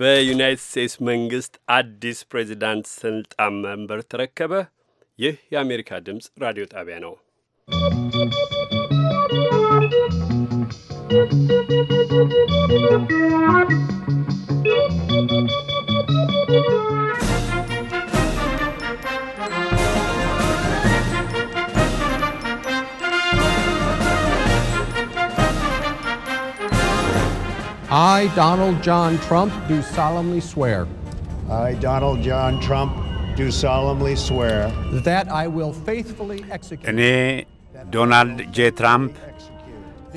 በዩናይትድ ስቴትስ መንግስት አዲስ ፕሬዚዳንት ስልጣን መንበር ተረከበ። ይህ የአሜሪካ ድምፅ ራዲዮ ጣቢያ ነው። ¶¶ I, Donald John Trump, do solemnly swear. I, Donald John Trump, do solemnly swear. That I will faithfully execute. እኔ ዶናልድ ጄ ትራምፕ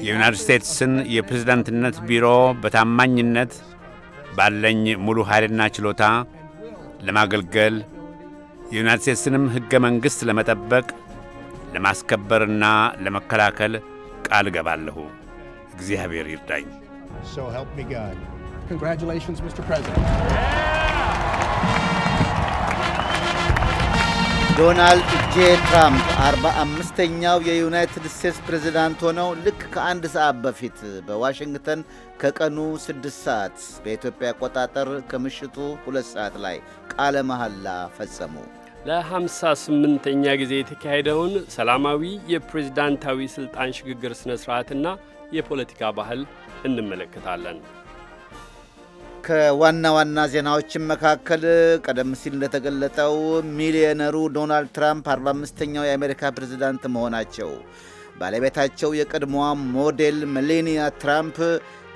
የዩናይትድ ስቴትስን የፕሬዝዳንትነት ቢሮ በታማኝነት ባለኝ ሙሉ ኃይልና ችሎታ ለማገልገል የዩናይትድ ስቴትስንም ሕገ መንግሥት ለመጠበቅ ለማስከበርና ለመከላከል ቃል እገባለሁ። እግዚአብሔር ይርዳኝ። So help me God. Congratulations, Mr. President. ዶናልድ ጄ ትራምፕ አርባ አምስተኛው የዩናይትድ ስቴትስ ፕሬዝዳንት ሆነው ልክ ከአንድ ሰዓት በፊት በዋሽንግተን ከቀኑ ስድስት ሰዓት በኢትዮጵያ አቆጣጠር ከምሽቱ ሁለት ሰዓት ላይ ቃለ መሐላ ፈጸሙ። ለ58ኛ ጊዜ የተካሄደውን ሰላማዊ የፕሬዝዳንታዊ ሥልጣን ሽግግር ሥነ ሥርዓትና የፖለቲካ ባህል እንመለከታለን። ከዋና ዋና ዜናዎችን መካከል ቀደም ሲል እንደተገለጠው ሚሊዮነሩ ዶናልድ ትራምፕ 45ኛው የአሜሪካ ፕሬዝዳንት መሆናቸው፣ ባለቤታቸው የቀድሞዋ ሞዴል ሜሌኒያ ትራምፕ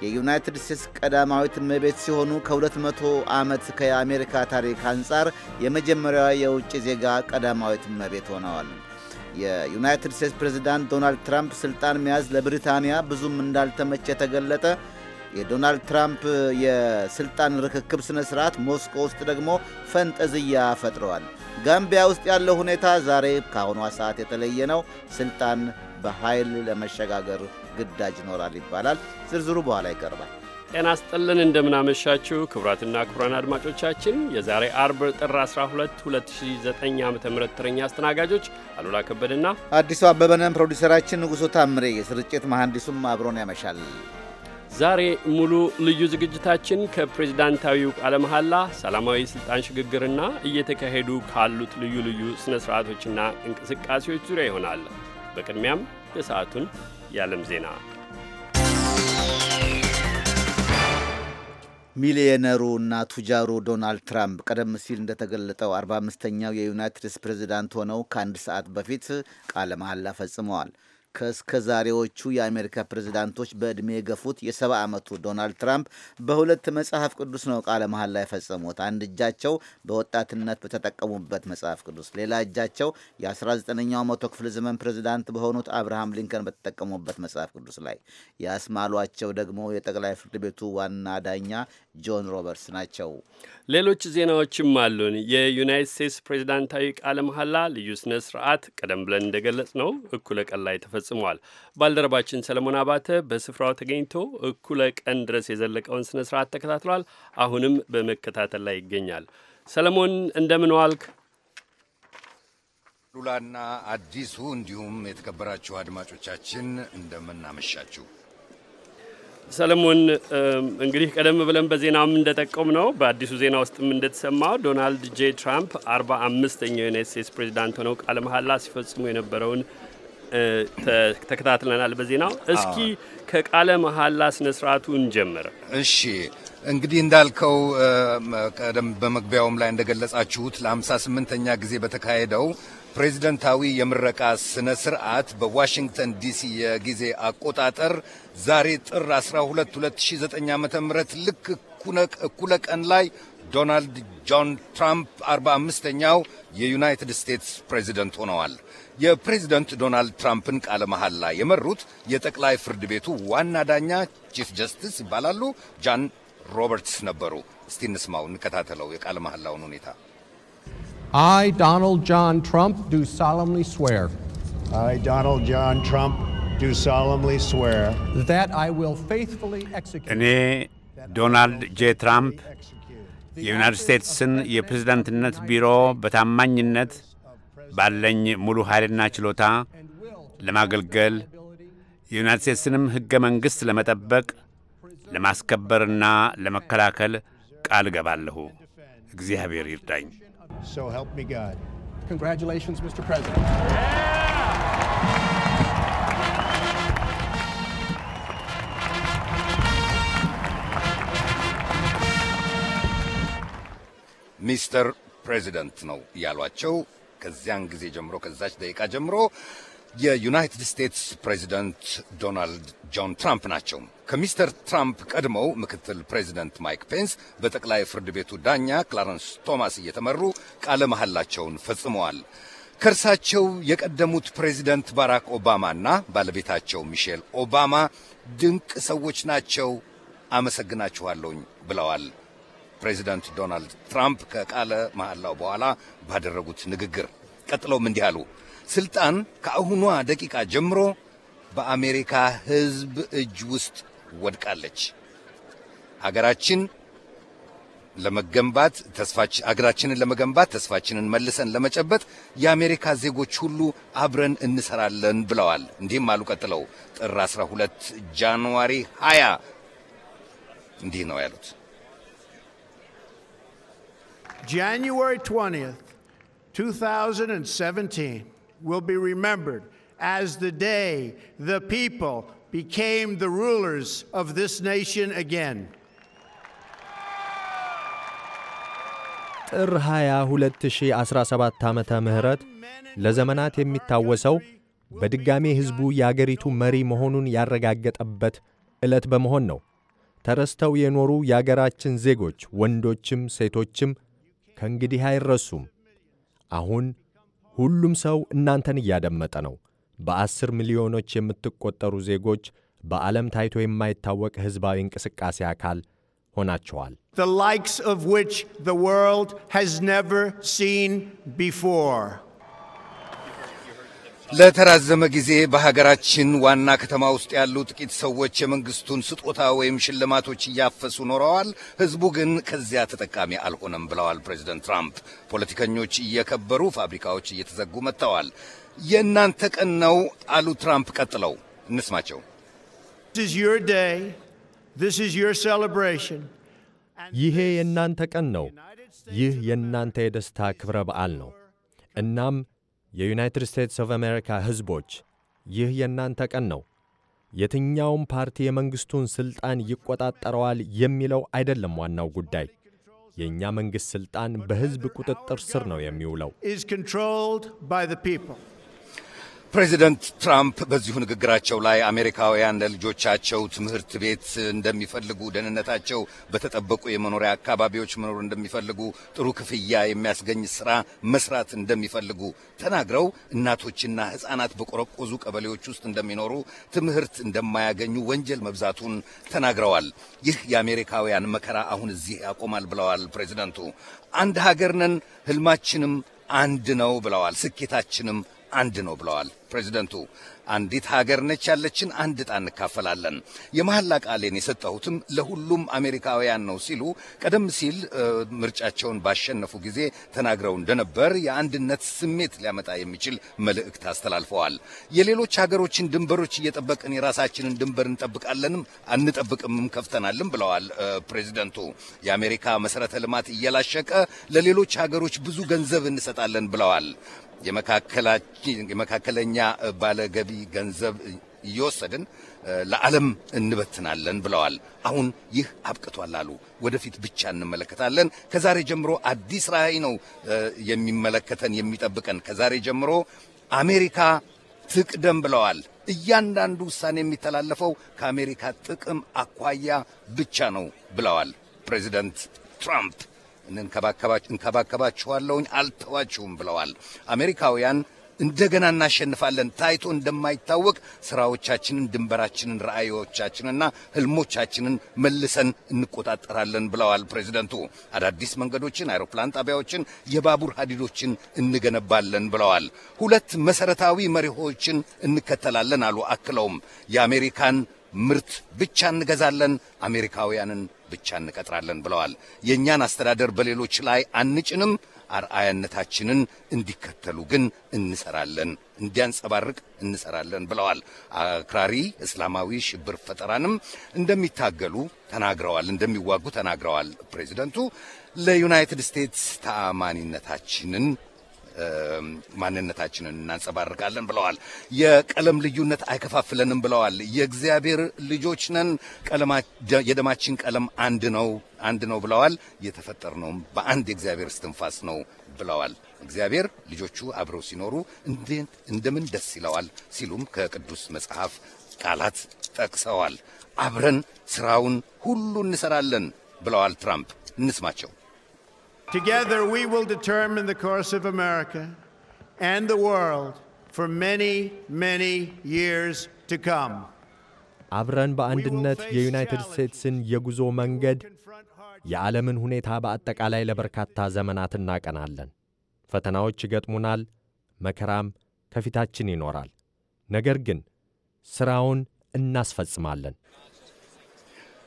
የዩናይትድ ስቴትስ ቀዳማዊት እመቤት ሲሆኑ ከ200 ዓመት ከአሜሪካ ታሪክ አንጻር የመጀመሪያዋ የውጭ ዜጋ ቀዳማዊት እመቤት ሆነዋል። የዩናይትድ ስቴትስ ፕሬዚዳንት ዶናልድ ትራምፕ ስልጣን መያዝ ለብሪታንያ ብዙም እንዳልተመቸ ተገለጠ። የዶናልድ ትራምፕ የስልጣን ርክክብ ስነ ስርዓት ሞስኮ ውስጥ ደግሞ ፈንጠዝያ ፈጥረዋል። ጋምቢያ ውስጥ ያለው ሁኔታ ዛሬ ከአሁኗ ሰዓት የተለየ ነው። ስልጣን በኃይል ለመሸጋገር ግዳጅ ይኖራል ይባላል። ዝርዝሩ በኋላ ይቀርባል። ጤና ስጥልን እንደምናመሻችው ክቡራትና ክቡራን አድማጮቻችን የዛሬ አርብ ጥር 12 2009 ዓ ም ተረኛ አስተናጋጆች አሉላ ከበድና አዲሱ አበበነን ፕሮዲሰራችን ንጉሶ ታምሬ የስርጭት መሐንዲሱም አብሮን ያመሻል። ዛሬ ሙሉ ልዩ ዝግጅታችን ከፕሬዚዳንታዊው ቃለ መሐላ ሰላማዊ ስልጣን ሽግግርና እየተካሄዱ ካሉት ልዩ ልዩ ስነ ስርዓቶችና እንቅስቃሴዎች ዙሪያ ይሆናል። በቅድሚያም የሰዓቱን የዓለም ዜና ሚሊዮነሩ እና ቱጃሩ ዶናልድ ትራምፕ ቀደም ሲል እንደተገለጠው 45ኛው የዩናይትድስ ፕሬዚዳንት ሆነው ከአንድ ሰዓት በፊት ቃለ መሐላ ፈጽመዋል። ከእስከ ዛሬዎቹ የአሜሪካ ፕሬዚዳንቶች በዕድሜ የገፉት የሰባ ዓመቱ ዶናልድ ትራምፕ በሁለት መጽሐፍ ቅዱስ ነው ቃለ መሐላ የፈጸሙት። አንድ እጃቸው በወጣትነት በተጠቀሙበት መጽሐፍ ቅዱስ፣ ሌላ እጃቸው የ19ኛው መቶ ክፍለ ዘመን ፕሬዚዳንት በሆኑት አብርሃም ሊንከን በተጠቀሙበት መጽሐፍ ቅዱስ ላይ ያስማሏቸው ደግሞ የጠቅላይ ፍርድ ቤቱ ዋና ዳኛ ጆን ሮበርትስ ናቸው። ሌሎች ዜናዎችም አሉን። የዩናይት ስቴትስ ፕሬዚዳንታዊ ቃለ መሐላ ልዩ ስነ ስርዓት ቀደም ብለን እንደገለጽ ነው እኩለ ቀን ላይ ተፈጽሟል። ባልደረባችን ሰለሞን አባተ በስፍራው ተገኝቶ እኩለ ቀን ድረስ የዘለቀውን ስነ ስርዓት ተከታትሏል። አሁንም በመከታተል ላይ ይገኛል። ሰለሞን እንደምን ዋልክ? ሉላና አዲሱ እንዲሁም የተከበራችሁ አድማጮቻችን እንደምናመሻችሁ ሰለሞን እንግዲህ ቀደም ብለን በዜናም እንደጠቆም ነው በአዲሱ ዜና ውስጥም እንደተሰማው ዶናልድ ጄ ትራምፕ አርባ አምስተኛው ዩናይት ስቴትስ ፕሬዚዳንት ሆነው ቃለ መሀላ ሲፈጽሙ የነበረውን ተከታትለናል በዜናው። እስኪ ከቃለ መሀላ ስነ ስርዓቱ እንጀምር። እሺ እንግዲህ እንዳልከው ቀደም በመግቢያውም ላይ እንደገለጻችሁት ለ58ኛ ጊዜ በተካሄደው ፕሬዝደንታዊ የምረቃ ስነ ስርዓት በዋሽንግተን ዲሲ የጊዜ አቆጣጠር ዛሬ ጥር 12 2009 ዓ ም ልክ እኩለ ቀን ላይ ዶናልድ ጆን ትራምፕ 45ኛው የዩናይትድ ስቴትስ ፕሬዚደንት ሆነዋል። የፕሬዚደንት ዶናልድ ትራምፕን ቃለ መሐላ የመሩት የጠቅላይ ፍርድ ቤቱ ዋና ዳኛ ቺፍ ጀስቲስ ይባላሉ፣ ጃን ሮበርትስ ነበሩ። እስቲ እንስማው፣ እንከታተለው የቃለ መሐላውን ሁኔታ I, Donald John Trump, do solemnly swear. I, Donald John Trump, do solemnly swear. That I will faithfully execute. እኔ ዶናልድ ጄ ትራምፕ የዩናይትድ ስቴትስን የፕሬዝዳንትነት ቢሮ በታማኝነት ባለኝ ሙሉ ኃይልና ችሎታ ለማገልገል የዩናይትድ ስቴትስንም ሕገ መንግሥት ለመጠበቅ ለማስከበርና ለመከላከል ቃል እገባለሁ። እግዚአብሔር ይርዳኝ። So help me God. Congratulations, Mr. President. Yeah! ሚስተር ፕሬዚደንት ነው ያሏቸው። ከዚያን ጊዜ ጀምሮ ከዛች ደቂቃ ጀምሮ የዩናይትድ ስቴትስ ፕሬዚደንት ዶናልድ ጆን ትራምፕ ናቸው። ከሚስተር ትራምፕ ቀድመው ምክትል ፕሬዚደንት ማይክ ፔንስ በጠቅላይ ፍርድ ቤቱ ዳኛ ክላረንስ ቶማስ እየተመሩ ቃለ መሐላቸውን ፈጽመዋል። ከእርሳቸው የቀደሙት ፕሬዚደንት ባራክ ኦባማና ባለቤታቸው ሚሼል ኦባማ ድንቅ ሰዎች ናቸው፣ አመሰግናችኋለሁኝ ብለዋል ፕሬዚደንት ዶናልድ ትራምፕ ከቃለ መሐላው በኋላ ባደረጉት ንግግር። ቀጥለውም እንዲህ አሉ። ስልጣን ከአሁኗ ደቂቃ ጀምሮ በአሜሪካ ሕዝብ እጅ ውስጥ ወድቃለች። አገራችን ለመገንባት ተስፋች አገራችንን ለመገንባት ተስፋችንን መልሰን ለመጨበጥ የአሜሪካ ዜጎች ሁሉ አብረን እንሰራለን ብለዋል። እንዲህም አሉ። ቀጥለው ጥር 12 ጃንዋሪ 20 እንዲህ ነው ያሉት። January 20th, 2017 will be remembered as the day the people became the rulers of this nation again. ጥር 20 2017 ምህረት ለዘመናት የሚታወሰው በድጋሜ ሕዝቡ የአገሪቱ መሪ መሆኑን ያረጋገጠበት ዕለት በመሆን ነው። ተረስተው የኖሩ የአገራችን ዜጎች ወንዶችም ሴቶችም ከእንግዲህ አይረሱም። አሁን ሁሉም ሰው እናንተን እያደመጠ ነው። በአስር ሚሊዮኖች የምትቆጠሩ ዜጎች በዓለም ታይቶ የማይታወቅ ሕዝባዊ እንቅስቃሴ አካል ሆናቸዋል። The likes of which the world has never seen before. ለተራዘመ ጊዜ በሀገራችን ዋና ከተማ ውስጥ ያሉ ጥቂት ሰዎች የመንግስቱን ስጦታ ወይም ሽልማቶች እያፈሱ ኖረዋል። ህዝቡ ግን ከዚያ ተጠቃሚ አልሆነም ብለዋል ፕሬዚደንት ትራምፕ። ፖለቲከኞች እየከበሩ፣ ፋብሪካዎች እየተዘጉ መጥተዋል። የእናንተ ቀን ነው አሉ ትራምፕ። ቀጥለው እንስማቸው። ይሄ የእናንተ ቀን ነው። ይህ የእናንተ የደስታ ክብረ በዓል ነው። እናም የዩናይትድ ስቴትስ ኦፍ አሜሪካ ሕዝቦች ይህ የእናንተ ቀን ነው። የትኛውም ፓርቲ የመንግሥቱን ሥልጣን ይቆጣጠረዋል የሚለው አይደለም ዋናው ጉዳይ። የእኛ መንግሥት ሥልጣን በሕዝብ ቁጥጥር ስር ነው የሚውለው። ፕሬዚደንት ትራምፕ በዚሁ ንግግራቸው ላይ አሜሪካውያን ለልጆቻቸው ትምህርት ቤት እንደሚፈልጉ፣ ደህንነታቸው በተጠበቁ የመኖሪያ አካባቢዎች መኖር እንደሚፈልጉ፣ ጥሩ ክፍያ የሚያስገኝ ስራ መስራት እንደሚፈልጉ ተናግረው እናቶችና ሕፃናት በቆረቆዙ ቀበሌዎች ውስጥ እንደሚኖሩ፣ ትምህርት እንደማያገኙ፣ ወንጀል መብዛቱን ተናግረዋል። ይህ የአሜሪካውያን መከራ አሁን እዚህ ያቆማል ብለዋል ፕሬዚደንቱ። አንድ ሀገር ነን፣ ህልማችንም አንድ ነው ብለዋል። ስኬታችንም አንድ ነው ብለዋል ፕሬዚደንቱ። አንዲት ሀገር ነች ያለችን አንድ ዕጣ እንካፈላለን። የመሐላ ቃሌን የሰጠሁትም ለሁሉም አሜሪካውያን ነው ሲሉ ቀደም ሲል ምርጫቸውን ባሸነፉ ጊዜ ተናግረው እንደነበር የአንድነት ስሜት ሊያመጣ የሚችል መልእክት አስተላልፈዋል። የሌሎች ሀገሮችን ድንበሮች እየጠበቅን የራሳችንን ድንበር እንጠብቃለንም አንጠብቅምም ከፍተናልም ብለዋል ፕሬዚደንቱ። የአሜሪካ መሰረተ ልማት እየላሸቀ ለሌሎች ሀገሮች ብዙ ገንዘብ እንሰጣለን ብለዋል። የመካከለኛ ባለገቢ ገንዘብ እየወሰድን ለዓለም እንበትናለን ብለዋል። አሁን ይህ አብቅቷል አሉ። ወደፊት ብቻ እንመለከታለን። ከዛሬ ጀምሮ አዲስ ራዕይ ነው የሚመለከተን የሚጠብቀን። ከዛሬ ጀምሮ አሜሪካ ትቅደም ብለዋል። እያንዳንዱ ውሳኔ የሚተላለፈው ከአሜሪካ ጥቅም አኳያ ብቻ ነው ብለዋል ፕሬዚደንት ትራምፕ። እንከባከባችኋለሁኝ፣ አልተዋችሁም ብለዋል። አሜሪካውያን እንደገና እናሸንፋለን። ታይቶ እንደማይታወቅ ስራዎቻችንን፣ ድንበራችንን፣ ራዕዮቻችንና ህልሞቻችንን መልሰን እንቆጣጠራለን ብለዋል ፕሬዚደንቱ። አዳዲስ መንገዶችን፣ አይሮፕላን ጣቢያዎችን፣ የባቡር ሀዲዶችን እንገነባለን ብለዋል። ሁለት መሰረታዊ መሪሆችን እንከተላለን አሉ። አክለውም የአሜሪካን ምርት ብቻ እንገዛለን፣ አሜሪካውያንን ብቻ እንቀጥራለን ብለዋል። የእኛን አስተዳደር በሌሎች ላይ አንጭንም፣ አርአያነታችንን እንዲከተሉ ግን እንሰራለን፣ እንዲያንጸባርቅ እንሰራለን ብለዋል። አክራሪ እስላማዊ ሽብር ፈጠራንም እንደሚታገሉ ተናግረዋል፣ እንደሚዋጉ ተናግረዋል። ፕሬዚደንቱ ለዩናይትድ ስቴትስ ተአማኒነታችንን ማንነታችንን እናንጸባርቃለን ብለዋል። የቀለም ልዩነት አይከፋፍለንም ብለዋል። የእግዚአብሔር ልጆች ነን፣ የደማችን ቀለም አንድ ነው አንድ ነው ብለዋል። የተፈጠርነውም በአንድ የእግዚአብሔር እስትንፋስ ነው ብለዋል። እግዚአብሔር ልጆቹ አብረው ሲኖሩ እንደምን ደስ ይለዋል ሲሉም ከቅዱስ መጽሐፍ ቃላት ጠቅሰዋል። አብረን ስራውን ሁሉ እንሰራለን ብለዋል ትራምፕ። እንስማቸው። Together, we will determine the course of America and the world for many, many years to come. አብረን በአንድነት የዩናይትድ ስቴትስን የጉዞ መንገድ፣ የዓለምን ሁኔታ በአጠቃላይ ለበርካታ ዘመናት እናቀናለን። ፈተናዎች ይገጥሙናል፣ መከራም ከፊታችን ይኖራል። ነገር ግን ሥራውን እናስፈጽማለን።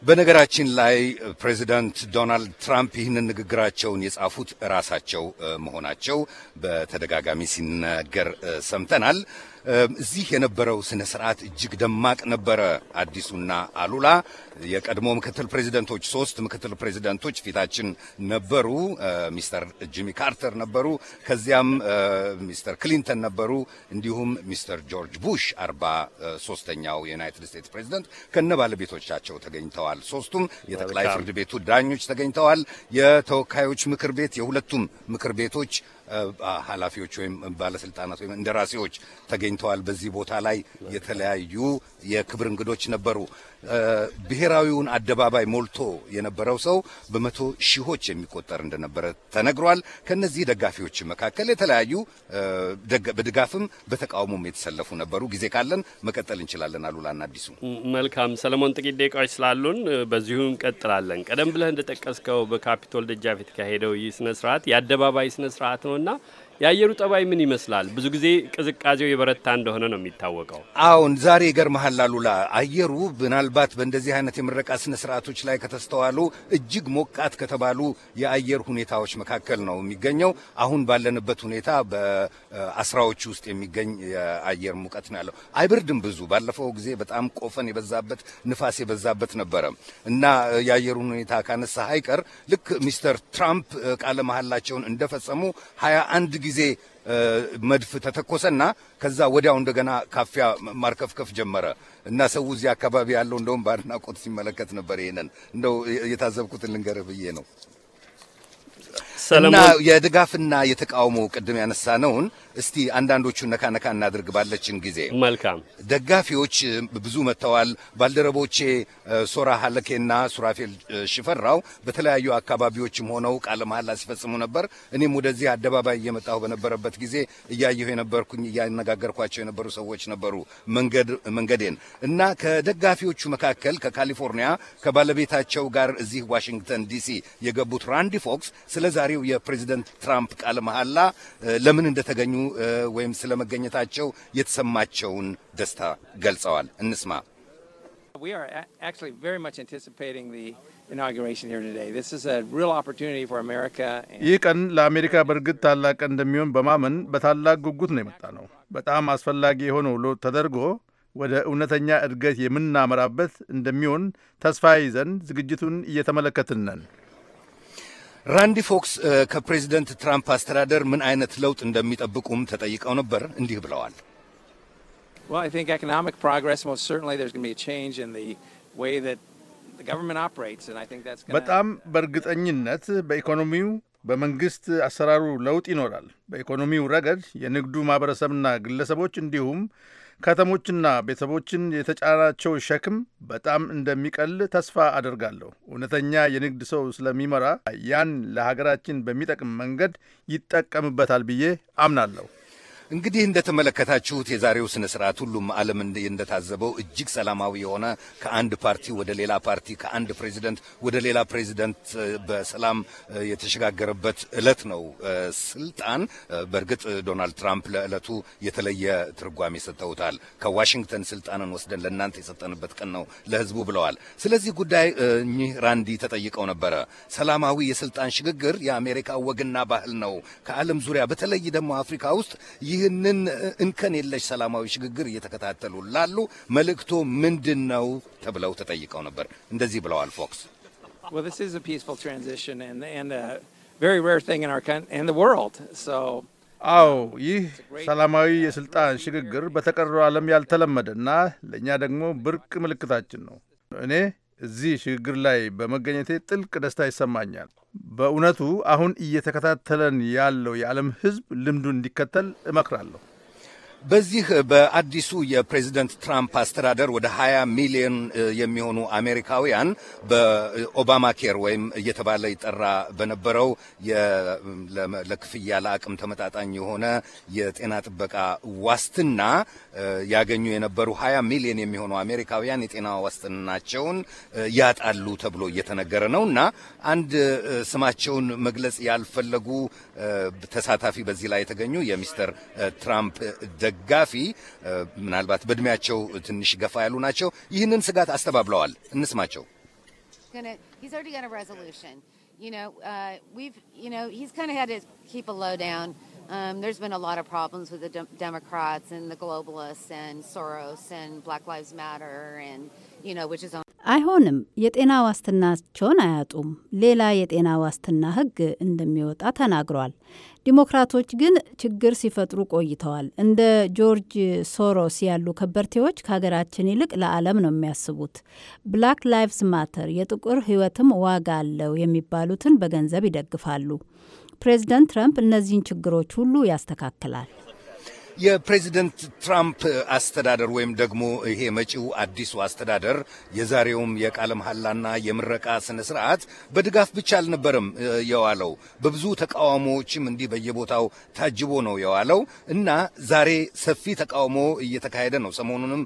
በነገራችን ላይ ፕሬዚዳንት ዶናልድ ትራምፕ ይህንን ንግግራቸውን የጻፉት ራሳቸው መሆናቸው በተደጋጋሚ ሲነገር ሰምተናል። እዚህ የነበረው ስነ ስርዓት እጅግ ደማቅ ነበረ። አዲሱና አሉላ የቀድሞ ምክትል ፕሬዚደንቶች፣ ሶስት ምክትል ፕሬዚደንቶች ፊታችን ነበሩ። ሚስተር ጂሚ ካርተር ነበሩ፣ ከዚያም ሚስተር ክሊንተን ነበሩ፣ እንዲሁም ሚስተር ጆርጅ ቡሽ አርባ ሶስተኛው የዩናይትድ ስቴትስ ፕሬዚደንት ከነ ባለቤቶቻቸው ተገኝተዋል። ሶስቱም የጠቅላይ ፍርድ ቤቱ ዳኞች ተገኝተዋል። የተወካዮች ምክር ቤት የሁለቱም ምክር ቤቶች ኃላፊዎች ወይም ባለስልጣናት ወይም እንደራሴዎች ተገኝተዋል። በዚህ ቦታ ላይ የተለያዩ የክብር እንግዶች ነበሩ። ብሔራዊውን አደባባይ ሞልቶ የነበረው ሰው በመቶ ሺዎች የሚቆጠር እንደነበረ ተነግሯል። ከነዚህ ደጋፊዎች መካከል የተለያዩ በድጋፍም በተቃውሞም የተሰለፉ ነበሩ። ጊዜ ካለን መቀጠል እንችላለን። አሉላና አዲሱ መልካም። ሰለሞን ጥቂት ደቂቃዎች ስላሉን በዚሁ እንቀጥላለን። ቀደም ብለህ እንደጠቀስከው በካፒቶል ደጃፍ የተካሄደው ይህ ስነ የአደባባይ ስነ ነው 만나 የአየሩ ጠባይ ምን ይመስላል? ብዙ ጊዜ ቅዝቃዜው የበረታ እንደሆነ ነው የሚታወቀው። አሁን ዛሬ ይገርመሃል አሉላ፣ አየሩ ምናልባት በእንደዚህ አይነት የምረቃ ስነ ስርዓቶች ላይ ከተስተዋሉ እጅግ ሞቃት ከተባሉ የአየር ሁኔታዎች መካከል ነው የሚገኘው። አሁን ባለንበት ሁኔታ በአስራዎች ውስጥ የሚገኝ የአየር ሙቀት ነው ያለው። አይብርድም ብዙ። ባለፈው ጊዜ በጣም ቆፈን የበዛበት ንፋስ የበዛበት ነበረ እና የአየሩን ሁኔታ ካነሳ አይቀር ልክ ሚስተር ትራምፕ ቃለ መሀላቸውን እንደፈጸሙ ሀያ አንድ ጊዜ ጊዜ መድፍ ተተኮሰና ከዛ ወዲያው እንደገና ካፊያ ማርከፍከፍ ጀመረ እና ሰው እዚህ አካባቢ ያለው እንደውም በአድናቆት ሲመለከት ነበር። ይሄንን እንደው የታዘብኩትን ልንገርህ ብዬ ነው። እና የድጋፍና የተቃውሞ ቅድም ያነሳ ነውን። እስቲ አንዳንዶቹን ነካ ነካ እናድርግ። ባለችን ጊዜ መልካም ደጋፊዎች ብዙ መጥተዋል። ባልደረቦቼ ሶራ ሀለኬና ሱራፌል ሽፈራው በተለያዩ አካባቢዎችም ሆነው ቃለ መሐላ ሲፈጽሙ ነበር። እኔም ወደዚህ አደባባይ እየመጣሁ በነበረበት ጊዜ እያየሁ የነበርኩኝ እያነጋገርኳቸው የነበሩ ሰዎች ነበሩ መንገዴን እና ከደጋፊዎቹ መካከል ከካሊፎርኒያ ከባለቤታቸው ጋር እዚህ ዋሽንግተን ዲሲ የገቡት ራንዲ ፎክስ ስለ ዛሬው የዛሬው የፕሬዚደንት ትራምፕ ቃለ መሐላ ለምን እንደተገኙ ወይም ስለመገኘታቸው የተሰማቸውን ደስታ ገልጸዋል። እንስማ። We are actually very much anticipating the inauguration here today. This is a real opportunity for America. ይህ ቀን ለአሜሪካ በእርግጥ ታላቅ ቀን እንደሚሆን በማመን በታላቅ ጉጉት ነው የመጣ ነው። በጣም አስፈላጊ የሆነው ለውጥ ተደርጎ ወደ እውነተኛ እድገት የምናመራበት እንደሚሆን ተስፋ ይዘን ዝግጅቱን እየተመለከትን ነን። ራንዲ ፎክስ ከፕሬዚደንት ትራምፕ አስተዳደር ምን አይነት ለውጥ እንደሚጠብቁም ተጠይቀው ነበር። እንዲህ ብለዋል። በጣም በእርግጠኝነት በኢኮኖሚው በመንግስት አሰራሩ ለውጥ ይኖራል። በኢኮኖሚው ረገድ የንግዱ ማህበረሰብና ግለሰቦች እንዲሁም ከተሞችና ቤተሰቦችን የተጫናቸው ሸክም በጣም እንደሚቀል ተስፋ አደርጋለሁ። እውነተኛ የንግድ ሰው ስለሚመራ ያን ለሀገራችን በሚጠቅም መንገድ ይጠቀምበታል ብዬ አምናለሁ። እንግዲህ እንደተመለከታችሁት የዛሬው ስነ ስርዓት ሁሉም ዓለም እንደታዘበው እጅግ ሰላማዊ የሆነ ከአንድ ፓርቲ ወደ ሌላ ፓርቲ ከአንድ ፕሬዚደንት ወደ ሌላ ፕሬዚደንት በሰላም የተሸጋገረበት እለት ነው። ስልጣን በእርግጥ ዶናልድ ትራምፕ ለዕለቱ የተለየ ትርጓሜ ሰጥተውታል። ከዋሽንግተን ስልጣንን ወስደን ለእናንተ የሰጠንበት ቀን ነው ለህዝቡ ብለዋል። ስለዚህ ጉዳይ እኚህ ራንዲ ተጠይቀው ነበረ። ሰላማዊ የስልጣን ሽግግር የአሜሪካ ወግና ባህል ነው። ከዓለም ዙሪያ በተለይ ደግሞ አፍሪካ ውስጥ ይህ ይህንን እንከን የለሽ ሰላማዊ ሽግግር እየተከታተሉ ላሉ መልእክቶ ምንድን ነው ተብለው ተጠይቀው ነበር። እንደዚህ ብለዋል ፎክስ አዎ ይህ ሰላማዊ የስልጣን ሽግግር በተቀረው ዓለም ያልተለመደ እና ለእኛ ደግሞ ብርቅ ምልክታችን ነው። እኔ እዚህ ሽግግር ላይ በመገኘቴ ጥልቅ ደስታ ይሰማኛል። በእውነቱ አሁን እየተከታተለን ያለው የዓለም ሕዝብ ልምዱን እንዲከተል እመክራለሁ። በዚህ በአዲሱ የፕሬዚደንት ትራምፕ አስተዳደር ወደ 20 ሚሊዮን የሚሆኑ አሜሪካውያን በኦባማ ኬር ወይም እየተባለ ይጠራ በነበረው ለክፍያ ለአቅም ተመጣጣኝ የሆነ የጤና ጥበቃ ዋስትና ያገኙ የነበሩ 20 ሚሊዮን የሚሆኑ አሜሪካውያን የጤና ዋስትናቸውን ያጣሉ ተብሎ እየተነገረ ነው እና አንድ ስማቸውን መግለጽ ያልፈለጉ ተሳታፊ በዚህ ላይ የተገኙ የሚስተር ትራምፕ ደጋፊ ምናልባት በእድሜያቸው ትንሽ ገፋ ያሉ ናቸው፣ ይህንን ስጋት አስተባብለዋል። እንስማቸው። Um, there's been a lot of problems with the de Democrats and the globalists and Soros and Black Lives Matter and አይሆንም። የጤና ዋስትናቸውን አያጡም። ሌላ የጤና ዋስትና ሕግ እንደሚወጣ ተናግሯል። ዲሞክራቶች ግን ችግር ሲፈጥሩ ቆይተዋል። እንደ ጆርጅ ሶሮስ ያሉ ከበርቴዎች ከሀገራችን ይልቅ ለዓለም ነው የሚያስቡት። ብላክ ላይቭስ ማተር የጥቁር ሕይወትም ዋጋ አለው የሚባሉትን በገንዘብ ይደግፋሉ። ፕሬዚደንት ትራምፕ እነዚህን ችግሮች ሁሉ ያስተካክላል። የፕሬዚደንት ትራምፕ አስተዳደር ወይም ደግሞ ይሄ መጪው አዲሱ አስተዳደር የዛሬውም የቃለ መሐላና የምረቃ ስነ ስርዓት በድጋፍ ብቻ አልነበረም የዋለው፣ በብዙ ተቃውሞዎችም እንዲህ በየቦታው ታጅቦ ነው የዋለው እና ዛሬ ሰፊ ተቃውሞ እየተካሄደ ነው። ሰሞኑንም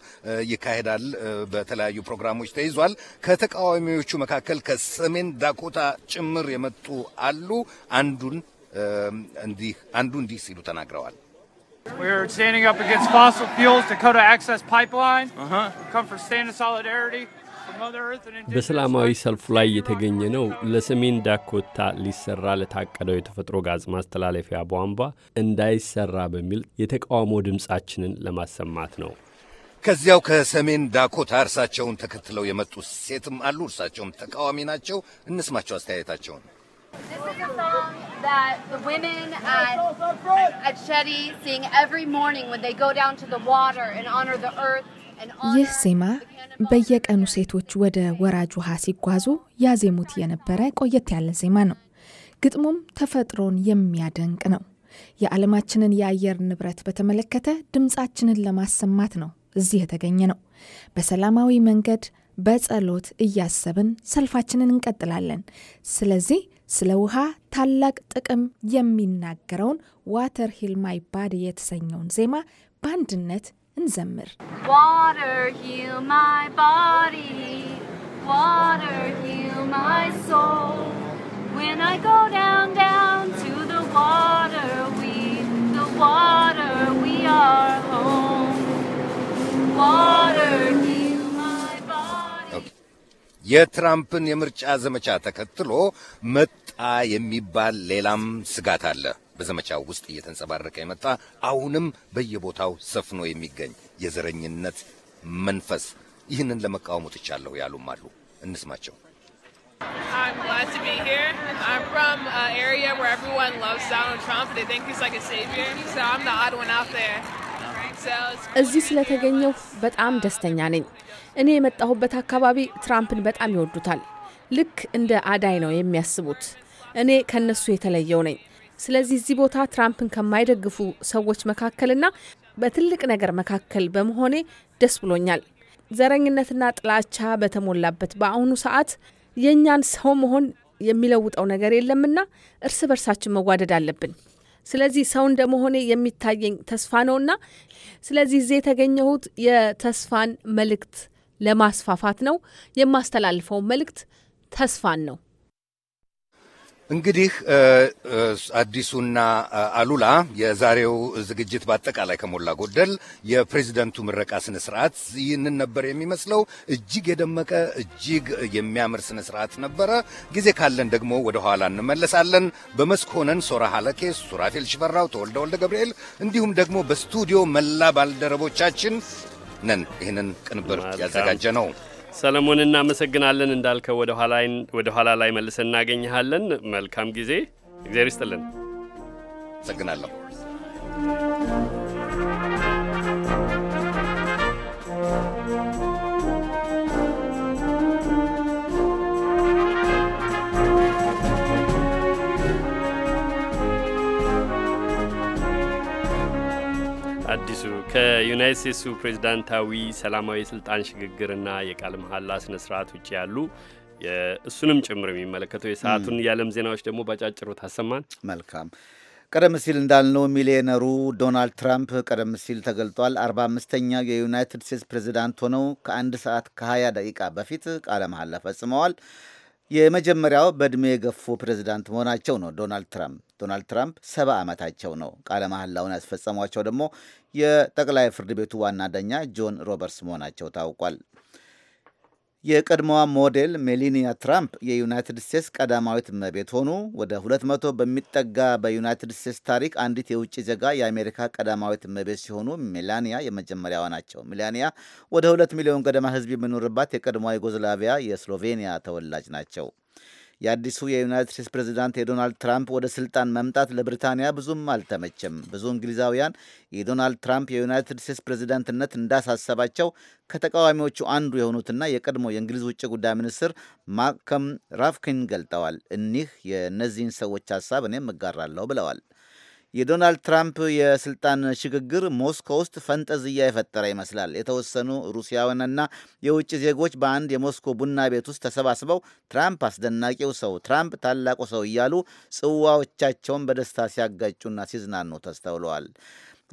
ይካሄዳል፣ በተለያዩ ፕሮግራሞች ተይዟል። ከተቃዋሚዎቹ መካከል ከሰሜን ዳኮታ ጭምር የመጡ አሉ። አንዱን እንዲህ አንዱ እንዲህ ሲሉ ተናግረዋል። We're standing up against fossil fuels, Dakota Access Pipeline. Uh-huh. Come for stand of solidarity. በሰላማዊ ሰልፉ ላይ የተገኘ ነው ለሰሜን ዳኮታ ሊሰራ ለታቀደው የተፈጥሮ ጋዝ ማስተላለፊያ ቧንቧ እንዳይሰራ በሚል የተቃውሞ ድምፃችንን ለማሰማት ነው። ከዚያው ከሰሜን ዳኮታ እርሳቸውን ተከትለው የመጡ ሴትም አሉ። እርሳቸውም ተቃዋሚ ናቸው። እንስማቸው አስተያየታቸውን። This is a song that the women at, at Shetty sing every morning when they go down to the water and honor the earth. ይህ ዜማ በየቀኑ ሴቶች ወደ ወራጅ ውሃ ሲጓዙ ያዜሙት የነበረ ቆየት ያለ ዜማ ነው። ግጥሙም ተፈጥሮን የሚያደንቅ ነው። የዓለማችንን የአየር ንብረት በተመለከተ ድምፃችንን ለማሰማት ነው እዚህ የተገኘ ነው። በሰላማዊ መንገድ በጸሎት እያሰብን ሰልፋችንን እንቀጥላለን። ስለዚህ ስለ ውሃ ታላቅ ጥቅም የሚናገረውን ዋተር ሂል ማይ ባዲ የተሰኘውን ዜማ በአንድነት እንዘምር። Water, we are home. Water. የትራምፕን የምርጫ ዘመቻ ተከትሎ መጣ የሚባል ሌላም ስጋት አለ። በዘመቻው ውስጥ እየተንጸባረቀ የመጣ አሁንም በየቦታው ሰፍኖ የሚገኝ የዘረኝነት መንፈስ። ይህንን ለመቃወም ወጥቻለሁ ያሉም አሉ። እንስማቸው። እዚህ ስለተገኘው በጣም ደስተኛ ነኝ። እኔ የመጣሁበት አካባቢ ትራምፕን በጣም ይወዱታል። ልክ እንደ አዳይ ነው የሚያስቡት። እኔ ከነሱ የተለየው ነኝ። ስለዚህ እዚህ ቦታ ትራምፕን ከማይደግፉ ሰዎች መካከልና በትልቅ ነገር መካከል በመሆኔ ደስ ብሎኛል። ዘረኝነትና ጥላቻ በተሞላበት በአሁኑ ሰዓት የእኛን ሰው መሆን የሚለውጠው ነገር የለምና እርስ በርሳችን መዋደድ አለብን። ስለዚህ ሰው እንደመሆኔ የሚታየኝ ተስፋ ነውና ስለዚህ እዚህ የተገኘሁት የተስፋን መልእክት ለማስፋፋት ነው። የማስተላልፈው መልእክት ተስፋን ነው። እንግዲህ አዲሱና አሉላ የዛሬው ዝግጅት በአጠቃላይ ከሞላ ጎደል የፕሬዚደንቱ ምረቃ ስነ ስርዓት ይህንን ነበር የሚመስለው። እጅግ የደመቀ እጅግ የሚያምር ስነ ስርዓት ነበረ። ጊዜ ካለን ደግሞ ወደ ኋላ እንመለሳለን። በመስክ ሆነን ሶራ ሀለኬ፣ ሱራፌል ሽፈራው፣ ተወልደ ወልደ ገብርኤል እንዲሁም ደግሞ በስቱዲዮ መላ ባልደረቦቻችን ነን ይህንን ቅንብር ያዘጋጀ ነው። ሰለሞን እናመሰግናለን። እንዳልከው ወደ ኋላ ላይ መልሰን እናገኘሃለን። መልካም ጊዜ፣ እግዚአብሔር ይስጥልን። አመሰግናለሁ። አዲሱ ከዩናይት ስቴትሱ ፕሬዚዳንታዊ ሰላማዊ የስልጣን ሽግግርና የቃለ መሀላ ስነ ስርዓት ውጭ ያሉ እሱንም ጭምር የሚመለከተው የሰዓቱን የዓለም ዜናዎች ደግሞ ባጫጭሩ ታሰማን። መልካም። ቀደም ሲል እንዳልነው ሚሊዮነሩ ዶናልድ ትራምፕ ቀደም ሲል ተገልጧል አርባ 45ተኛው የዩናይትድ ስቴትስ ፕሬዝዳንት ሆነው ከአንድ ሰዓት ከ20 ደቂቃ በፊት ቃለ መሀላ ፈጽመዋል። የመጀመሪያው በዕድሜ የገፉ ፕሬዚዳንት መሆናቸው ነው ዶናልድ ትራምፕ። ዶናልድ ትራምፕ ሰባ ዓመታቸው ነው። ቃለ መሐላውን ያስፈጸሟቸው ደግሞ የጠቅላይ ፍርድ ቤቱ ዋና ዳኛ ጆን ሮበርትስ መሆናቸው ታውቋል። የቀድሞዋ ሞዴል ሜሊኒያ ትራምፕ የዩናይትድ ስቴትስ ቀዳማዊት እመቤት ሆኑ ወደ 200 በሚጠጋ በዩናይትድ ስቴትስ ታሪክ አንዲት የውጭ ዜጋ የአሜሪካ ቀዳማዊት እመቤት ሲሆኑ ሜላኒያ የመጀመሪያዋ ናቸው። ሜላኒያ ወደ 2 ሚሊዮን ገደማ ሕዝብ የሚኖርባት የቀድሞዋ ዩጎዝላቪያ የስሎቬኒያ ተወላጅ ናቸው። የአዲሱ የዩናይትድ ስቴትስ ፕሬዚዳንት የዶናልድ ትራምፕ ወደ ስልጣን መምጣት ለብሪታንያ ብዙም አልተመቸም። ብዙ እንግሊዛውያን የዶናልድ ትራምፕ የዩናይትድ ስቴትስ ፕሬዚዳንትነት እንዳሳሰባቸው ከተቃዋሚዎቹ አንዱ የሆኑትና የቀድሞ የእንግሊዝ ውጭ ጉዳይ ሚኒስትር ማከም ራፍኪን ገልጠዋል። እኒህ የእነዚህን ሰዎች ሀሳብ እኔም እጋራለሁ ብለዋል። የዶናልድ ትራምፕ የስልጣን ሽግግር ሞስኮ ውስጥ ፈንጠዝያ የፈጠረ ይመስላል። የተወሰኑ ሩሲያውያንና የውጭ ዜጎች በአንድ የሞስኮ ቡና ቤት ውስጥ ተሰባስበው ትራምፕ አስደናቂው ሰው፣ ትራምፕ ታላቁ ሰው እያሉ ጽዋዎቻቸውን በደስታ ሲያጋጩና ሲዝናኑ ተስተውለዋል።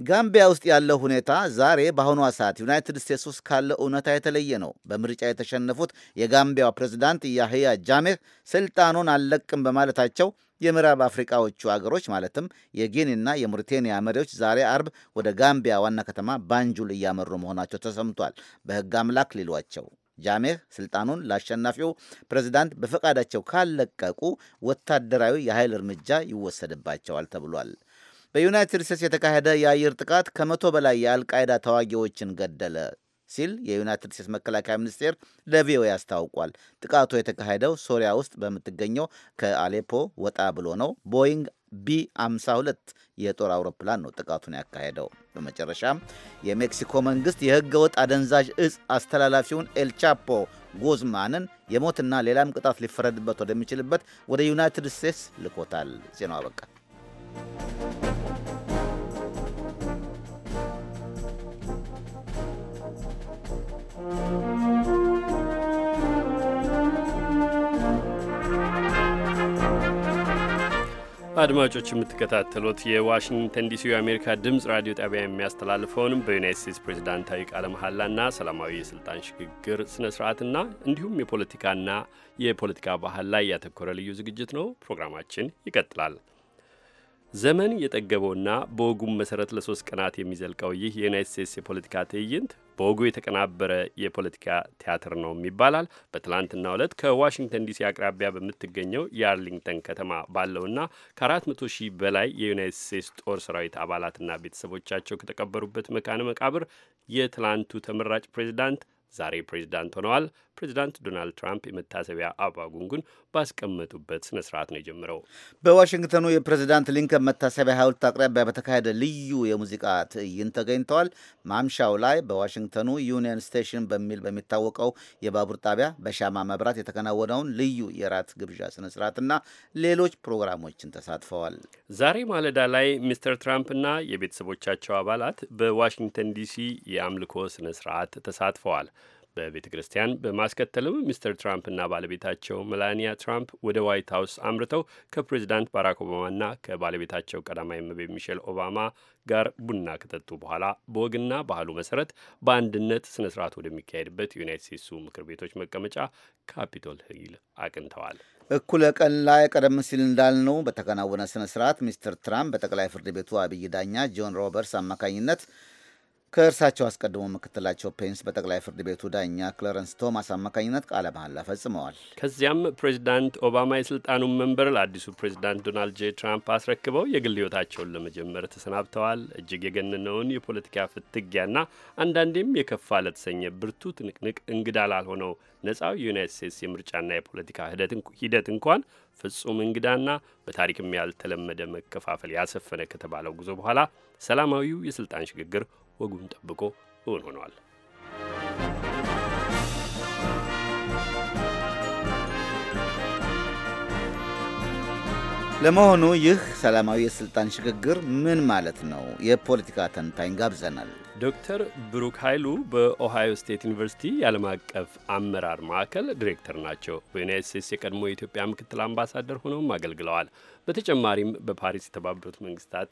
ጋምቢያ ውስጥ ያለው ሁኔታ ዛሬ በአሁኗ ሰዓት ዩናይትድ ስቴትስ ውስጥ ካለው እውነታ የተለየ ነው። በምርጫ የተሸነፉት የጋምቢያው ፕሬዚዳንት ያህያ ጃሜህ ስልጣኑን አልለቅም በማለታቸው የምዕራብ አፍሪቃዎቹ አገሮች ማለትም የጊኒና የሙሪቴኒያ መሪዎች ዛሬ አርብ ወደ ጋምቢያ ዋና ከተማ ባንጁል እያመሩ መሆናቸው ተሰምቷል። በሕግ አምላክ ሊሏቸው ጃሜህ ስልጣኑን ለአሸናፊው ፕሬዚዳንት በፈቃዳቸው ካልለቀቁ ወታደራዊ የኃይል እርምጃ ይወሰድባቸዋል ተብሏል። በዩናይትድ ስቴትስ የተካሄደ የአየር ጥቃት ከመቶ በላይ የአልቃይዳ ተዋጊዎችን ገደለ ሲል የዩናይትድ ስቴትስ መከላከያ ሚኒስቴር ለቪኦኤ አስታውቋል። ጥቃቱ የተካሄደው ሶሪያ ውስጥ በምትገኘው ከአሌፖ ወጣ ብሎ ነው። ቦይንግ ቢ52 የጦር አውሮፕላን ነው ጥቃቱን ያካሄደው። በመጨረሻም የሜክሲኮ መንግስት የህገ ወጥ አደንዛዥ እጽ አስተላላፊውን ኤልቻፖ ጎዝማንን የሞትና ሌላም ቅጣት ሊፈረድበት ወደሚችልበት ወደ ዩናይትድ ስቴትስ ልኮታል። ዜናው አበቃ። አድማጮች የምትከታተሉት የዋሽንግተን ዲሲ የአሜሪካ ድምፅ ራዲዮ ጣቢያ የሚያስተላልፈውን በዩናይት ስቴትስ ፕሬዚዳንታዊ ቃለ መሐላና ሰላማዊ የስልጣን ሽግግር ስነ ስርዓትና እንዲሁም የፖለቲካና የፖለቲካ ባህል ላይ ያተኮረ ልዩ ዝግጅት ነው። ፕሮግራማችን ይቀጥላል። ዘመን የጠገበውና በወጉም መሰረት ለሶስት ቀናት የሚዘልቀው ይህ የዩናይት ስቴትስ የፖለቲካ ትዕይንት በወጉ የተቀናበረ የፖለቲካ ቲያትር ነው ይባላል። በትላንትናው ዕለት ከዋሽንግተን ዲሲ አቅራቢያ በምትገኘው የአርሊንግተን ከተማ ባለውና ከአራት መቶ ሺህ በላይ የዩናይት ስቴትስ ጦር ሰራዊት አባላትና ቤተሰቦቻቸው ከተቀበሩበት መካነ መቃብር የትላንቱ ተመራጭ ፕሬዚዳንት ዛሬ ፕሬዚዳንት ሆነዋል ፕሬዚዳንት ዶናልድ ትራምፕ የመታሰቢያ አባጉንጉን ባስቀመጡበት ስነ ስርዓት ነው የጀመረው። በዋሽንግተኑ የፕሬዚዳንት ሊንከን መታሰቢያ ሐውልት አቅራቢያ በተካሄደ ልዩ የሙዚቃ ትዕይንት ተገኝተዋል። ማምሻው ላይ በዋሽንግተኑ ዩኒየን ስቴሽን በሚል በሚታወቀው የባቡር ጣቢያ በሻማ መብራት የተከናወነውን ልዩ የራት ግብዣ ስነ ስርዓትና ሌሎች ፕሮግራሞችን ተሳትፈዋል። ዛሬ ማለዳ ላይ ሚስተር ትራምፕና የቤተሰቦቻቸው አባላት በዋሽንግተን ዲሲ የአምልኮ ስነ ስርዓት ተሳትፈዋል። በቤተ ክርስቲያን በማስከተልም ሚስተር ትራምፕና ባለቤታቸው መላኒያ ትራምፕ ወደ ዋይት ሀውስ አምርተው ከፕሬዚዳንት ባራክ ኦባማና ከባለቤታቸው ቀዳማዊ እመቤት ሚሼል ኦባማ ጋር ቡና ከጠጡ በኋላ በወግና ባህሉ መሰረት በአንድነት ስነ ስርዓት ወደሚካሄድበት ዩናይት ስቴትሱ ምክር ቤቶች መቀመጫ ካፒቶል ሂል አቅንተዋል። እኩለ ቀን ላይ ቀደም ሲል እንዳልነው በተከናወነ ስነ ስርዓት ሚስተር ትራምፕ በጠቅላይ ፍርድ ቤቱ አብይ ዳኛ ጆን ሮበርትስ አማካኝነት ከእርሳቸው አስቀድሞ ምክትላቸው ፔንስ በጠቅላይ ፍርድ ቤቱ ዳኛ ክለረንስ ቶማስ አማካኝነት ቃለ መሐላ ፈጽመዋል። ከዚያም ፕሬዚዳንት ኦባማ የስልጣኑን መንበር ለአዲሱ ፕሬዚዳንት ዶናልድ ጄ ትራምፕ አስረክበው የግል ሕይወታቸውን ለመጀመር ተሰናብተዋል። እጅግ የገነነውን የፖለቲካ ፍትጊያና አንዳንዴም የከፋ ለተሰኘ ብርቱ ትንቅንቅ እንግዳ ላልሆነው ነጻው የዩናይት ስቴትስ የምርጫና የፖለቲካ ሂደት እንኳን ፍጹም እንግዳና በታሪክም ያልተለመደ መከፋፈል ያሰፈነ ከተባለው ጉዞ በኋላ ሰላማዊው የስልጣን ሽግግር ወጉን ጠብቆ እውን ሆኗል። ለመሆኑ ይህ ሰላማዊ የስልጣን ሽግግር ምን ማለት ነው? የፖለቲካ ተንታኝ ጋብዘናል። ዶክተር ብሩክ ኃይሉ በኦሃዮ ስቴት ዩኒቨርሲቲ የዓለም አቀፍ አመራር ማዕከል ዲሬክተር ናቸው። በዩናይት ስቴትስ የቀድሞ የኢትዮጵያ ምክትል አምባሳደር ሆነውም አገልግለዋል። በተጨማሪም በፓሪስ የተባበሩት መንግስታት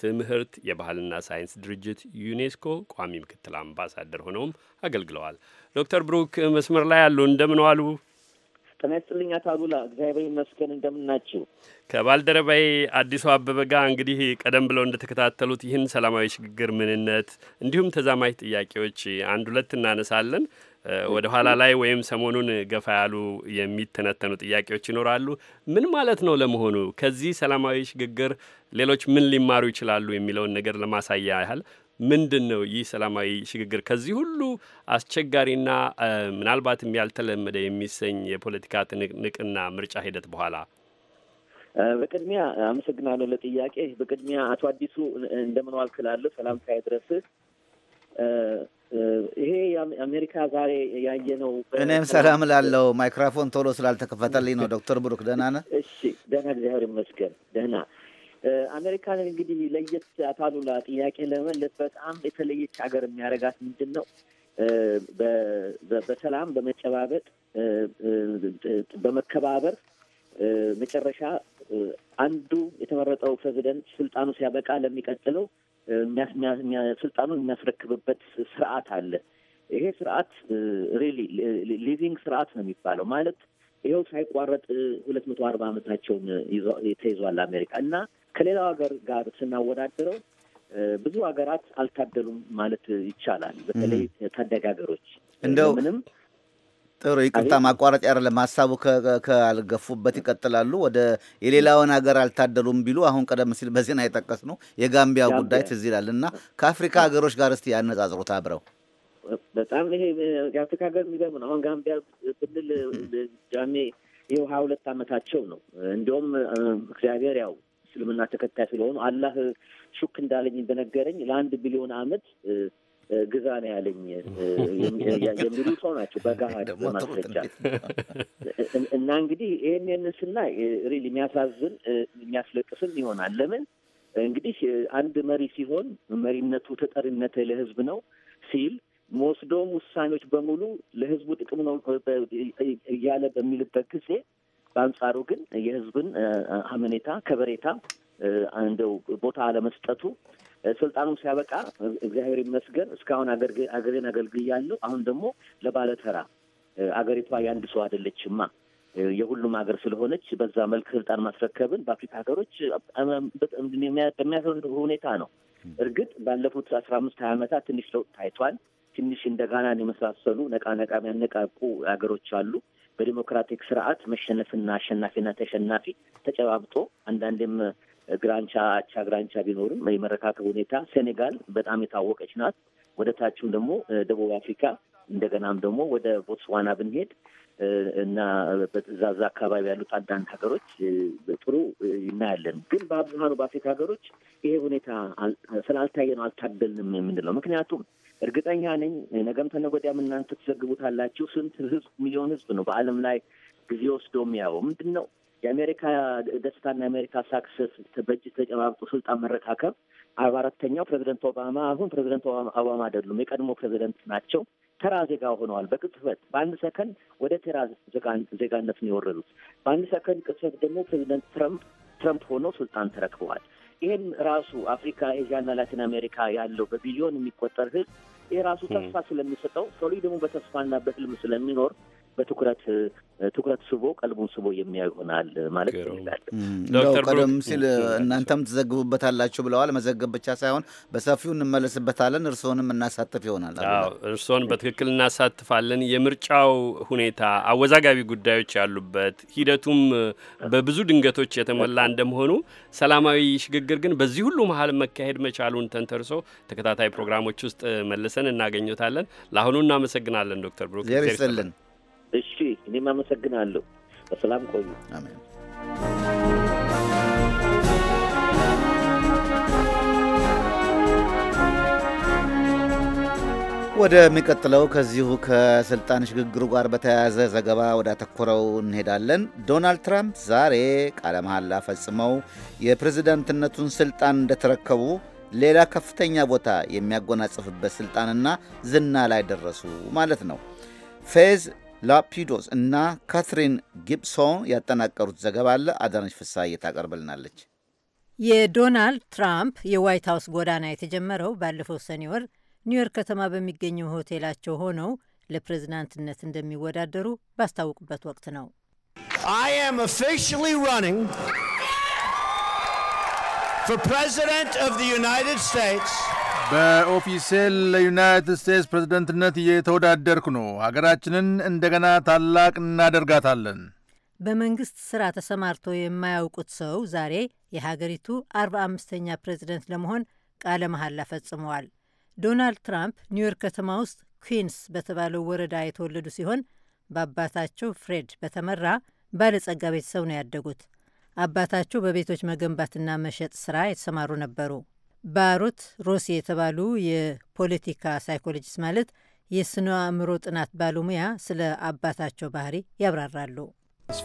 ትምህርት የባህልና ሳይንስ ድርጅት ዩኔስኮ ቋሚ ምክትል አምባሳደር ሆነውም አገልግለዋል። ዶክተር ብሩክ መስመር ላይ ያሉ እንደምን ዋሉ? ጤና ይስጥልኝ አሉላ። እግዚአብሔር ይመስገን እንደምናችው። ከባልደረባዬ አዲሱ አበበ ጋር እንግዲህ ቀደም ብለው እንደተከታተሉት ይህን ሰላማዊ ሽግግር ምንነት፣ እንዲሁም ተዛማጅ ጥያቄዎች አንድ ሁለት እናነሳለን። ወደ ኋላ ላይ ወይም ሰሞኑን ገፋ ያሉ የሚተነተኑ ጥያቄዎች ይኖራሉ። ምን ማለት ነው ለመሆኑ ከዚህ ሰላማዊ ሽግግር ሌሎች ምን ሊማሩ ይችላሉ የሚለውን ነገር ለማሳያ ያህል ምንድን ነው ይህ ሰላማዊ ሽግግር ከዚህ ሁሉ አስቸጋሪና ምናልባትም ያልተለመደ የሚሰኝ የፖለቲካ ትንቅንቅና ምርጫ ሂደት በኋላ? በቅድሚያ አመሰግናለሁ ለጥያቄ። በቅድሚያ አቶ አዲሱ እንደምን ዋልክ እላለሁ። ሰላምታዬ ድረስ ይሄ የአሜሪካ ዛሬ ያየ ነው። እኔም ሰላም ላለው ማይክሮፎን ቶሎ ስላልተከፈተልኝ ነው። ዶክተር ብሩክ ደህና ነህ? እሺ ደህና፣ እግዚአብሔር ይመስገን ደህና። አሜሪካን እንግዲህ ለየት አታሉላ ጥያቄ ለመለስ በጣም የተለየች ሀገር የሚያደርጋት ምንድን ነው? በሰላም በመጨባበጥ በመከባበር መጨረሻ አንዱ የተመረጠው ፕሬዚደንት ስልጣኑ ሲያበቃ ለሚቀጥለው ስልጣኑን የሚያስረክብበት ስርዓት አለ። ይሄ ስርዓት ሪሊ ሊቪንግ ስርዓት ነው የሚባለው። ማለት ይኸው ሳይቋረጥ ሁለት መቶ አርባ ዓመታቸውን ተይዟል አሜሪካ እና ከሌላው ሀገር ጋር ስናወዳደረው ብዙ ሀገራት አልታደሉም ማለት ይቻላል። በተለይ ታዳጊ ሀገሮች እንደው ምንም ጥሩ ይቅርታ፣ ማቋረጥ ያደለም ሀሳቡ ካልገፉበት ይቀጥላሉ። ወደ የሌላውን ሀገር አልታደሉም ቢሉ አሁን ቀደም ሲል በዜና የጠቀስ ነው የጋምቢያ ጉዳይ ትዝ ይላል እና ከአፍሪካ ሀገሮች ጋር እስቲ ያነጻጽሩት አብረው በጣም ይሄ የአፍሪካ ሀገር የሚገርም ነው። አሁን ጋምቢያ ብንል ጃሜ ይኸው ሀያ ሁለት አመታቸው ነው። እንዲሁም እግዚአብሔር ያው እስልምና ተከታይ ስለሆኑ አላህ ሹክ እንዳለኝ እንደነገረኝ ለአንድ ቢሊዮን አመት ግዛ ነው ያለኝ የሚሉ ሰው ናቸው በገሃድ እና እንግዲህ ይህንን ስናይ ሪል የሚያሳዝን የሚያስለቅስም ይሆናል። ለምን እንግዲህ አንድ መሪ ሲሆን መሪነቱ ተጠሪነት ለህዝብ ነው ሲል መወስደውም ውሳኔዎች በሙሉ ለህዝቡ ጥቅም ነው እያለ በሚልበት ጊዜ በአንጻሩ ግን የህዝብን አመኔታ ከበሬታ እንደው ቦታ አለመስጠቱ ስልጣኑም ሲያበቃ እግዚአብሔር ይመስገን እስካሁን አገሬን አገልግያለሁ። አሁን ደግሞ ለባለተራ አገሪቷ የአንድ ሰው አይደለችማ የሁሉም ሀገር ስለሆነች በዛ መልክ ስልጣን ማስረከብን በአፍሪካ ሀገሮች በሚያስረንድ ሁኔታ ነው። እርግጥ ባለፉት አስራ አምስት ሀያ ዓመታት ትንሽ ለውጥ ታይቷል። ትንሽ እንደ ጋናን የመሳሰሉ ነቃ ነቃ የሚያነቃቁ ሀገሮች አሉ። በዲሞክራቲክ ስርዓት መሸነፍና አሸናፊና ተሸናፊ ተጨባብጦ አንዳንዴም ግራንቻ አቻ ግራንቻ ቢኖርም የመረካከብ ሁኔታ ሴኔጋል በጣም የታወቀች ናት። ወደ ታችም ደግሞ ደቡብ አፍሪካ እንደገናም ደግሞ ወደ ቦትስዋና ብንሄድ እና በትእዛዝ አካባቢ ያሉት አንዳንድ ሀገሮች ጥሩ እናያለን። ግን በአብዛኑ በአፍሪካ ሀገሮች ይሄ ሁኔታ ስላልታየ ነው አልታገልንም የምንለው። ምክንያቱም እርግጠኛ ነኝ ነገም ተነገ ወዲያም እናንተ ትዘግቡታላችሁ። ስንት ህዝብ ሚሊዮን ህዝብ ነው በዓለም ላይ ጊዜ ወስዶ የሚያየው ምንድን ነው የአሜሪካ ደስታና የአሜሪካ ሳክሰስ በእጅ ተጨባብጦ ስልጣን መረካከብ አርባ አራተኛው ፕሬዚደንት ኦባማ አሁን ፕሬዚደንት ኦባማ አይደሉም፣ የቀድሞ ፕሬዚደንት ናቸው። ተራ ዜጋ ሆነዋል። በቅጽበት በአንድ ሰከንድ ወደ ተራ ዜጋነት ነው የወረዱት። በአንድ ሰከንድ ቅጽበት ደግሞ ፕሬዚደንት ትረምፕ ትረምፕ ሆነው ስልጣን ተረክበዋል። ይህን ራሱ አፍሪካ፣ ኤዥያና ላቲን አሜሪካ ያለው በቢሊዮን የሚቆጠር ህዝብ ይህ ራሱ ተስፋ ስለሚሰጠው ሰው ልጅ ደግሞ በተስፋና በህልም ስለሚኖር በትኩረት ትኩረት ስቦ ቀልቡን ስቦ የሚያ ይሆናል ማለት እንችላለን። ዶክተር ቀደም ሲል እናንተም ትዘግቡበታላችሁ ብለዋል። መዘገብ ብቻ ሳይሆን በሰፊው እንመለስበታለን። እርስዎንም እናሳትፍ ይሆናል። እርስዎን በትክክል እናሳትፋለን። የምርጫው ሁኔታ አወዛጋቢ ጉዳዮች ያሉበት ሂደቱም በብዙ ድንገቶች የተሞላ እንደመሆኑ ሰላማዊ ሽግግር ግን በዚህ ሁሉ መሀል መካሄድ መቻሉን ተንተርሶ ተከታታይ ፕሮግራሞች ውስጥ መልሰን እናገኘታለን። ለአሁኑ እናመሰግናለን ዶክተር ብሩክ ዜርስልን እኔም አመሰግናለሁ። በሰላም ቆዩ። አሜን። ወደሚቀጥለው ከዚሁ ከስልጣን ሽግግሩ ጋር በተያያዘ ዘገባ ወዳተኮረው እንሄዳለን። ዶናልድ ትራምፕ ዛሬ ቃለ መሐላ ፈጽመው የፕሬዝዳንትነቱን ስልጣን እንደተረከቡ ሌላ ከፍተኛ ቦታ የሚያጎናጽፍበት ስልጣንና ዝና ላይ ደረሱ ማለት ነው። ፌዝ ላፒዶስ እና ካትሪን ጊብሶን ያጠናቀሩት ዘገባ አለ። አዳነች ፍሳ ታቀርብልናለች። የዶናልድ ትራምፕ የዋይት ሀውስ ጎዳና የተጀመረው ባለፈው ሰኔ ወር ኒውዮርክ ከተማ በሚገኘው ሆቴላቸው ሆነው ለፕሬዝዳንትነት እንደሚወዳደሩ ባስታወቁበት ወቅት ነው። ፕሬዚደንት ዩናይትድ ስቴትስ በኦፊሴል ለዩናይትድ ስቴትስ ፕሬዝደንትነት እየተወዳደርኩ ነው። ሀገራችንን እንደገና ታላቅ እናደርጋታለን። በመንግስት ስራ ተሰማርቶ የማያውቁት ሰው ዛሬ የሀገሪቱ 45ኛ ፕሬዝደንት ለመሆን ቃለ መሐላ ፈጽመዋል። ዶናልድ ትራምፕ ኒውዮርክ ከተማ ውስጥ ኩዊንስ በተባለው ወረዳ የተወለዱ ሲሆን በአባታቸው ፍሬድ በተመራ ባለጸጋ ቤተሰብ ነው ያደጉት። አባታቸው በቤቶች መገንባትና መሸጥ ስራ የተሰማሩ ነበሩ። ባሮት ሮሲ የተባሉ የፖለቲካ ሳይኮሎጂስት ማለት የስነ አእምሮ ጥናት ባለሙያ ስለ አባታቸው ባህሪ ያብራራሉ። uh,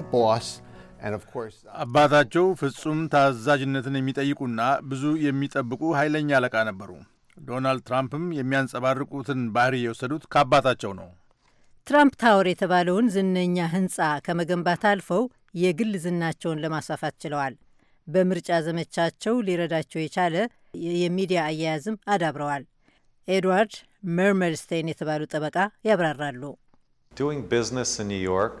uh, uh, አባታቸው ፍጹም ታዛዥነትን የሚጠይቁና ብዙ የሚጠብቁ ኃይለኛ አለቃ ነበሩ። ዶናልድ ትራምፕም የሚያንጸባርቁትን ባህሪ የወሰዱት ከአባታቸው ነው። ትራምፕ ታወር የተባለውን ዝነኛ ህንፃ ከመገንባት አልፈው የግል ዝናቸውን ለማስፋፋት ችለዋል። በምርጫ ዘመቻቸው ሊረዳቸው የቻለ የሚዲያ አያያዝም አዳብረዋል። ኤድዋርድ መርመልስቴን የተባሉ ጠበቃ ያብራራሉ። ኒውዮርክ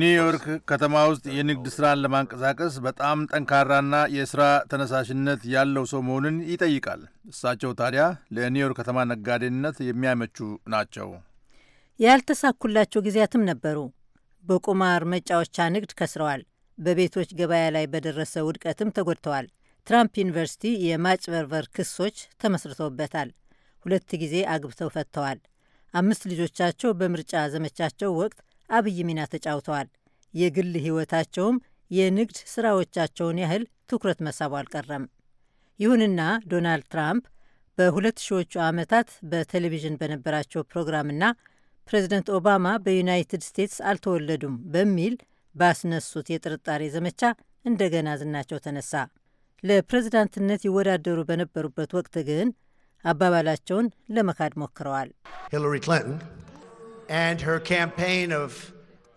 ኒውዮርክ uh, uh, uh, ከተማ ውስጥ የንግድ ስራን ለማንቀሳቀስ በጣም ጠንካራና የስራ ተነሳሽነት ያለው ሰው መሆንን ይጠይቃል። እሳቸው ታዲያ ለኒውዮርክ ከተማ ነጋዴነት የሚያመቹ ናቸው። ያልተሳኩላቸው ጊዜያትም ነበሩ። በቁማር መጫወቻ ንግድ ከስረዋል። በቤቶች ገበያ ላይ በደረሰ ውድቀትም ተጎድተዋል። ትራምፕ ዩኒቨርሲቲ የማጭበርበር ክሶች ተመስርተውበታል። ሁለት ጊዜ አግብተው ፈትተዋል። አምስት ልጆቻቸው በምርጫ ዘመቻቸው ወቅት አብይ ሚና ተጫውተዋል። የግል ሕይወታቸውም የንግድ ስራዎቻቸውን ያህል ትኩረት መሳቡ አልቀረም። ይሁንና ዶናልድ ትራምፕ በሁለት ሺዎቹ ዓመታት በቴሌቪዥን በነበራቸው ፕሮግራምና ፕሬዚደንት ኦባማ በዩናይትድ ስቴትስ አልተወለዱም በሚል ባስነሱት የጥርጣሬ ዘመቻ እንደገና ዝናቸው ተነሳ። ለፕሬዝዳንትነት ይወዳደሩ በነበሩበት ወቅት ግን አባባላቸውን ለመካድ ሞክረዋል። ሂላሪ ክሊንተን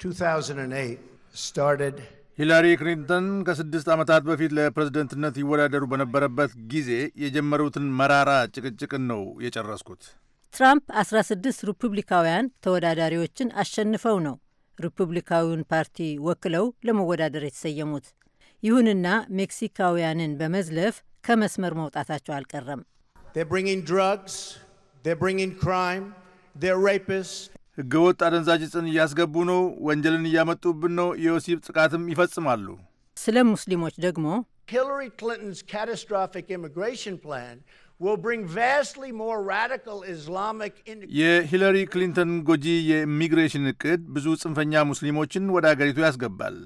2008 ሂላሪ ክሊንተን ከስድስት ዓመታት በፊት ለፕሬዝደንትነት ይወዳደሩ በነበረበት ጊዜ የጀመሩትን መራራ ጭቅጭቅን ነው የጨረስኩት። ትራምፕ 16 ሪፑብሊካውያን ተወዳዳሪዎችን አሸንፈው ነው ሪፑብሊካዊውን ፓርቲ ወክለው ለመወዳደር የተሰየሙት። ይሁንና ሜክሲካውያንን በመዝለፍ ከመስመር መውጣታቸው አልቀረም። ህገወጥ አደንዛዥ ዕፅን እያስገቡ ነው፣ ወንጀልን እያመጡብን ነው፣ የወሲብ ጥቃትም ይፈጽማሉ። ስለ ሙስሊሞች ደግሞ ሂላሪ ክሊንተንስ ካታስትሮፊክ ኢሚግሬሽን ፕላን የሂለሪ ክሊንተን ጎጂ የኢሚግሬሽን እቅድ ብዙ ጽንፈኛ ሙስሊሞችን ወደ አገሪቱ ያስገባል።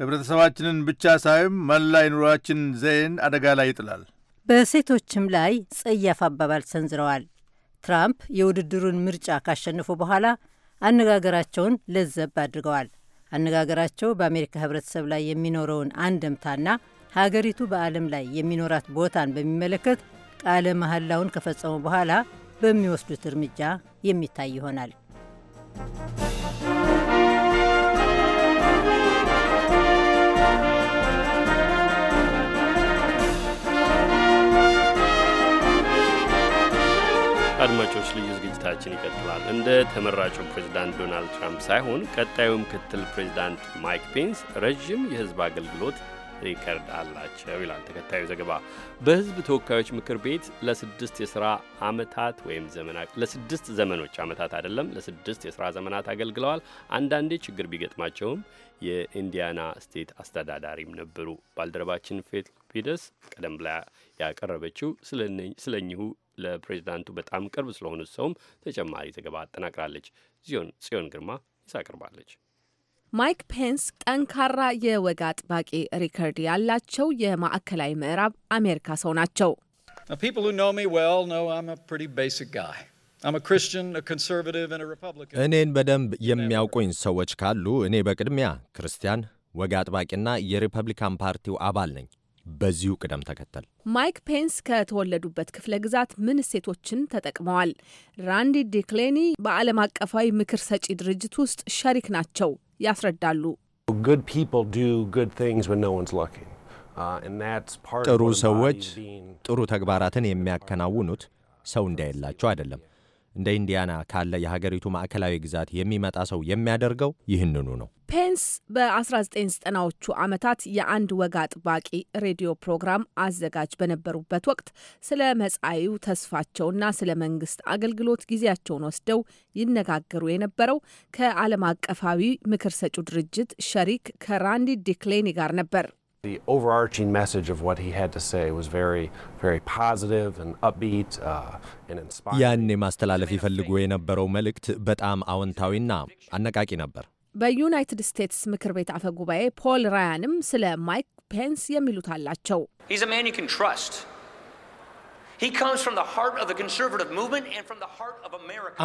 ህብረተሰባችንን ብቻ ሳይም መላ የኑሯችን ዘይን አደጋ ላይ ይጥላል። በሴቶችም ላይ ጸያፍ አባባል ሰንዝረዋል። ትራምፕ የውድድሩን ምርጫ ካሸነፉ በኋላ አነጋገራቸውን ለዘብ አድርገዋል። አነጋገራቸው በአሜሪካ ህብረተሰብ ላይ የሚኖረውን አንድምታና ሀገሪቱ በዓለም ላይ የሚኖራት ቦታን በሚመለከት ቃለ መሐላውን ከፈጸሙ በኋላ በሚወስዱት እርምጃ የሚታይ ይሆናል። አድማጮች ልዩ ዝግጅታችን ይቀጥላል። እንደ ተመራጩ ፕሬዚዳንት ዶናልድ ትራምፕ ሳይሆን ቀጣዩ ምክትል ፕሬዚዳንት ማይክ ፔንስ ረዥም የሕዝብ አገልግሎት ሪከርድ አላቸው ይላል ተከታዩ ዘገባ። በህዝብ ተወካዮች ምክር ቤት ለስድስት የስራ አመታት ወይም ለስድስት ዘመኖች አመታት አይደለም ለስድስት የስራ ዘመናት አገልግለዋል። አንዳንዴ ችግር ቢገጥማቸውም የኢንዲያና ስቴት አስተዳዳሪም ነበሩ። ባልደረባችን ፌት ፊደስ ቀደም ብላ ያቀረበችው ስለ እኚሁ ለፕሬዚዳንቱ በጣም ቅርብ ስለሆኑት ሰውም ተጨማሪ ዘገባ አጠናቅራለች። ጽዮን ግርማ ይዛ አቅርባለች። ማይክ ፔንስ ጠንካራ የወግ አጥባቂ ሪከርድ ያላቸው የማዕከላዊ ምዕራብ አሜሪካ ሰው ናቸው። እኔን በደንብ የሚያውቁኝ ሰዎች ካሉ እኔ በቅድሚያ ክርስቲያን፣ ወግ አጥባቂና የሪፐብሊካን ፓርቲው አባል ነኝ። በዚሁ ቅደም ተከተል። ማይክ ፔንስ ከተወለዱበት ክፍለ ግዛት ምን እሴቶችን ተጠቅመዋል? ራንዲ ዲክሌኒ በዓለም አቀፋዊ ምክር ሰጪ ድርጅት ውስጥ ሸሪክ ናቸው። ያስረዳሉ። uh, ጥሩ ሰዎች ጥሩ ተግባራትን የሚያከናውኑት ሰው እንዳየላቸው አይደለም እንደ ኢንዲያና ካለ የሀገሪቱ ማዕከላዊ ግዛት የሚመጣ ሰው የሚያደርገው ይህንኑ ነው። ፔንስ በ1990ዎቹ ዓመታት የአንድ ወግ አጥባቂ ሬዲዮ ፕሮግራም አዘጋጅ በነበሩበት ወቅት ስለ መጻዩ ተስፋቸውና ስለ መንግስት አገልግሎት ጊዜያቸውን ወስደው ይነጋገሩ የነበረው ከዓለም አቀፋዊ ምክር ሰጩ ድርጅት ሸሪክ ከራንዲ ዲክሌኒ ጋር ነበር። The overarching message of what he had to say was very, very positive and upbeat uh, and inspiring. ያኔ ማስተላለፍ ይፈልጉ የነበረው መልእክት በጣም አዎንታዊና አነቃቂ ነበር። በዩናይትድ ስቴትስ ምክር ቤት አፈ ጉባኤ ፖል ራያንም ስለ ማይክ ፔንስ የሚሉት አላቸው።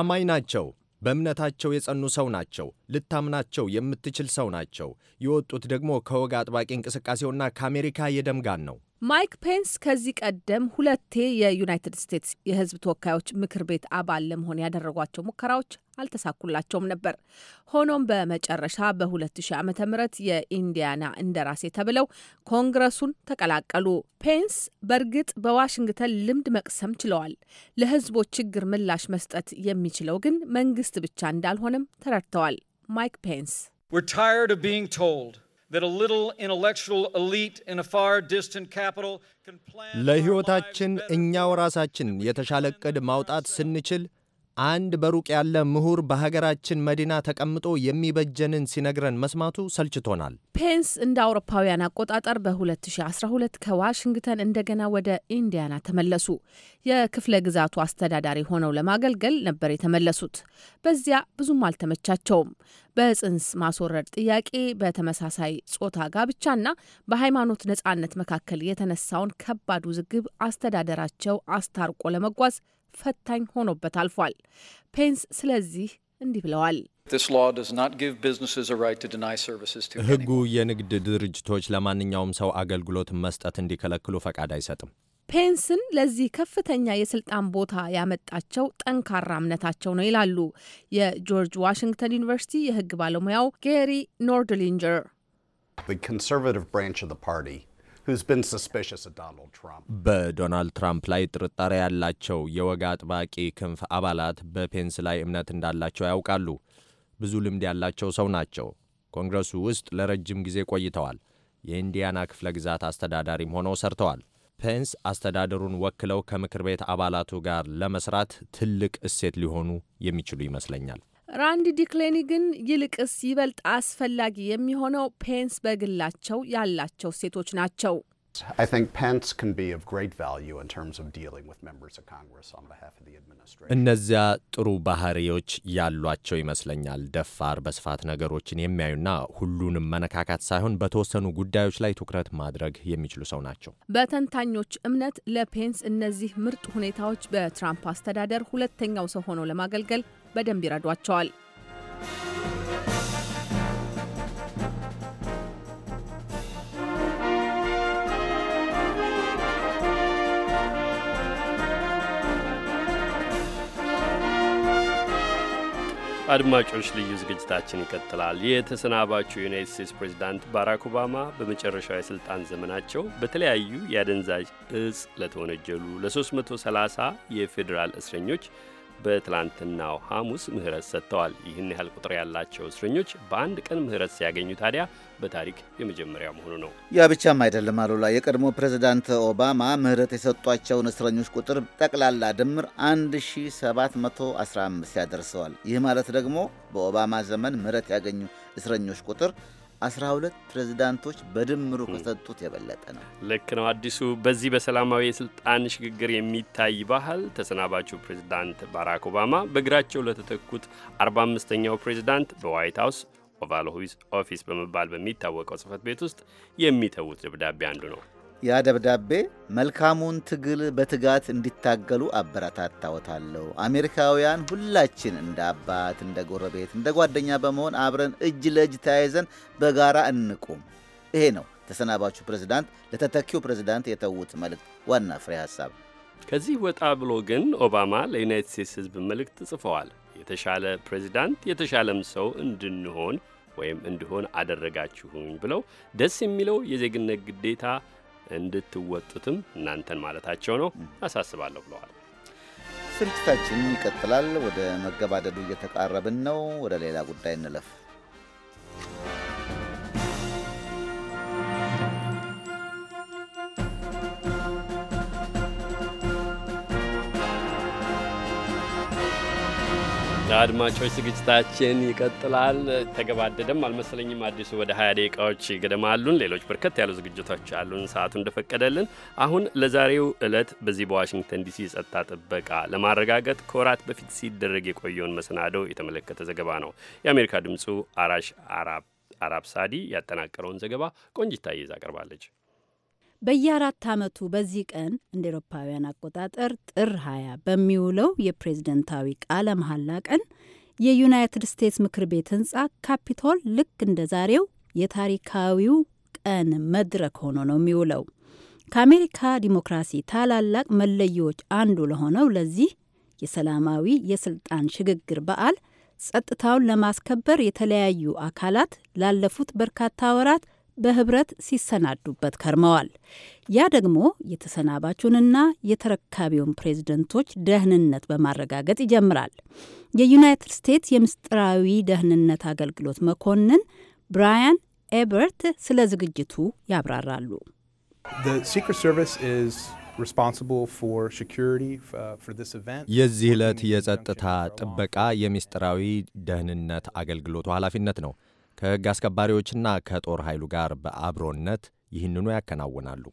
አማኝ ናቸው። በእምነታቸው የጸኑ ሰው ናቸው። ልታምናቸው የምትችል ሰው ናቸው። የወጡት ደግሞ ከወግ አጥባቂ እንቅስቃሴውና ከአሜሪካ የደም ጋን ነው። ማይክ ፔንስ ከዚህ ቀደም ሁለቴ የዩናይትድ ስቴትስ የሕዝብ ተወካዮች ምክር ቤት አባል ለመሆን ያደረጓቸው ሙከራዎች አልተሳኩላቸውም ነበር። ሆኖም በመጨረሻ በ2000 ዓ ም የኢንዲያና እንደራሴ ተብለው ኮንግረሱን ተቀላቀሉ። ፔንስ በእርግጥ በዋሽንግተን ልምድ መቅሰም ችለዋል። ለህዝቦ ችግር ምላሽ መስጠት የሚችለው ግን መንግስት ብቻ እንዳልሆነም ተረድተዋል። ማይክ ፔንስ ለህይወታችን እኛው ራሳችን የተሻለ ማውጣት ስንችል አንድ በሩቅ ያለ ምሁር በሀገራችን መዲና ተቀምጦ የሚበጀንን ሲነግረን መስማቱ ሰልችቶናል። ፔንስ እንደ አውሮፓውያን አቆጣጠር በ2012 ከዋሽንግተን እንደገና ወደ ኢንዲያና ተመለሱ። የክፍለ ግዛቱ አስተዳዳሪ ሆነው ለማገልገል ነበር የተመለሱት። በዚያ ብዙም አልተመቻቸውም። በጽንስ ማስወረድ ጥያቄ፣ በተመሳሳይ ጾታ ጋብቻና በሃይማኖት ነጻነት መካከል የተነሳውን ከባድ ውዝግብ አስተዳደራቸው አስታርቆ ለመጓዝ ፈታኝ ሆኖበት አልፏል። ፔንስ ስለዚህ እንዲህ ብለዋል። ህጉ የንግድ ድርጅቶች ለማንኛውም ሰው አገልግሎት መስጠት እንዲከለክሉ ፈቃድ አይሰጥም። ፔንስን ለዚህ ከፍተኛ የስልጣን ቦታ ያመጣቸው ጠንካራ እምነታቸው ነው ይላሉ የጆርጅ ዋሽንግተን ዩኒቨርሲቲ የህግ ባለሙያው ጌሪ ኖርድሊንጀር። በዶናልድ ትራምፕ ላይ ጥርጣሬ ያላቸው የወግ አጥባቂ ክንፍ አባላት በፔንስ ላይ እምነት እንዳላቸው ያውቃሉ። ብዙ ልምድ ያላቸው ሰው ናቸው። ኮንግረሱ ውስጥ ለረጅም ጊዜ ቆይተዋል። የኢንዲያና ክፍለ ግዛት አስተዳዳሪም ሆነው ሰርተዋል። ፔንስ አስተዳደሩን ወክለው ከምክር ቤት አባላቱ ጋር ለመስራት ትልቅ እሴት ሊሆኑ የሚችሉ ይመስለኛል። ራንድ ዲክሌኒ ግን ይልቅስ ይበልጥ አስፈላጊ የሚሆነው ፔንስ በግላቸው ያላቸው ሴቶች ናቸው። እነዚያ ጥሩ ባህሪዎች ያሏቸው ይመስለኛል። ደፋር፣ በስፋት ነገሮችን የሚያዩና ሁሉንም መነካካት ሳይሆን በተወሰኑ ጉዳዮች ላይ ትኩረት ማድረግ የሚችሉ ሰው ናቸው። በተንታኞች እምነት ለፔንስ እነዚህ ምርጥ ሁኔታዎች በትራምፕ አስተዳደር ሁለተኛው ሰው ሆነው ለማገልገል በደንብ ይረዷቸዋል። አድማጮች ልዩ ዝግጅታችን ይቀጥላል። የተሰናባቹ ዩናይት ስቴትስ ፕሬዚዳንት ባራክ ኦባማ በመጨረሻው የስልጣን ዘመናቸው በተለያዩ የአደንዛዥ እጽ ለተወነጀሉ ለ330 የፌዴራል እስረኞች በትላንትናው ሐሙስ ምህረት ሰጥተዋል። ይህን ያህል ቁጥር ያላቸው እስረኞች በአንድ ቀን ምህረት ሲያገኙ ታዲያ በታሪክ የመጀመሪያ መሆኑ ነው። ያ ብቻም አይደለም አሉላ። የቀድሞ ፕሬዚዳንት ኦባማ ምህረት የሰጧቸውን እስረኞች ቁጥር ጠቅላላ ድምር 1715 ያደርሰዋል። ይህ ማለት ደግሞ በኦባማ ዘመን ምህረት ያገኙ እስረኞች ቁጥር አስራ ሁለት ፕሬዚዳንቶች በድምሩ ከሰጡት የበለጠ ነው። ልክ ነው አዲሱ። በዚህ በሰላማዊ የስልጣን ሽግግር የሚታይ ባህል ተሰናባቹ ፕሬዚዳንት ባራክ ኦባማ በእግራቸው ለተተኩት አርባ አምስተኛው ፕሬዚዳንት በዋይት ሀውስ ኦቫል ኦፊስ በመባል በሚታወቀው ጽህፈት ቤት ውስጥ የሚተዉት ደብዳቤ አንዱ ነው። ያ ደብዳቤ መልካሙን ትግል በትጋት እንዲታገሉ አበረታታዎታለሁ። አሜሪካውያን ሁላችን እንደ አባት፣ እንደ ጎረቤት፣ እንደ ጓደኛ በመሆን አብረን እጅ ለእጅ ተያይዘን በጋራ እንቁም። ይሄ ነው ተሰናባቹ ፕሬዝዳንት ለተተኪው ፕሬዝዳንት የተዉት መልእክት ዋና ፍሬ ሀሳብ። ከዚህ ወጣ ብሎ ግን ኦባማ ለዩናይትድ ስቴትስ ሕዝብ መልእክት ጽፈዋል። የተሻለ ፕሬዚዳንት የተሻለም ሰው እንድንሆን ወይም እንድሆን አደረጋችሁኝ ብለው ደስ የሚለው የዜግነት ግዴታ እንድትወጡትም እናንተን ማለታቸው ነው አሳስባለሁ ብለዋል። ስርጭታችን ይቀጥላል። ወደ መገባደዱ እየተቃረብን ነው። ወደ ሌላ ጉዳይ እንለፍ። አድማጮች ዝግጅታችን ይቀጥላል። ተገባደደም አልመሰለኝም። አዲሱ ወደ ሀያ ደቂቃዎች ገደማ አሉን። ሌሎች በርከት ያሉ ዝግጅቶች አሉን ሰዓቱ እንደፈቀደልን። አሁን ለዛሬው ዕለት በዚህ በዋሽንግተን ዲሲ ጸጥታ ጥበቃ ለማረጋገጥ ከወራት በፊት ሲደረግ የቆየውን መሰናዶ የተመለከተ ዘገባ ነው። የአሜሪካ ድምፁ አራሽ አራብ ሳዲ ያጠናቀረውን ዘገባ ቆንጅታ ይዛ ቀርባለች። በየአራት ዓመቱ በዚህ ቀን እንደ ኤሮፓውያን አቆጣጠር ጥር 20 በሚውለው የፕሬዝደንታዊ ቃለ መሐላ ቀን የዩናይትድ ስቴትስ ምክር ቤት ህንጻ ካፒቶል ልክ እንደ ዛሬው የታሪካዊው ቀን መድረክ ሆኖ ነው የሚውለው። ከአሜሪካ ዲሞክራሲ ታላላቅ መለያዎች አንዱ ለሆነው ለዚህ የሰላማዊ የስልጣን ሽግግር በዓል ጸጥታውን ለማስከበር የተለያዩ አካላት ላለፉት በርካታ ወራት በህብረት ሲሰናዱበት ከርመዋል። ያ ደግሞ የተሰናባቹንና የተረካቢውን ፕሬዝደንቶች ደህንነት በማረጋገጥ ይጀምራል። የዩናይትድ ስቴትስ የምስጢራዊ ደህንነት አገልግሎት መኮንን ብራያን ኤበርት ስለ ዝግጅቱ ያብራራሉ። uh, የዚህ ዕለት የጸጥታ ጥበቃ የምስጢራዊ ደህንነት አገልግሎቱ ኃላፊነት ነው። ከሕግ አስከባሪዎችና ከጦር ኃይሉ ጋር በአብሮነት ይህንኑ ያከናውናሉ።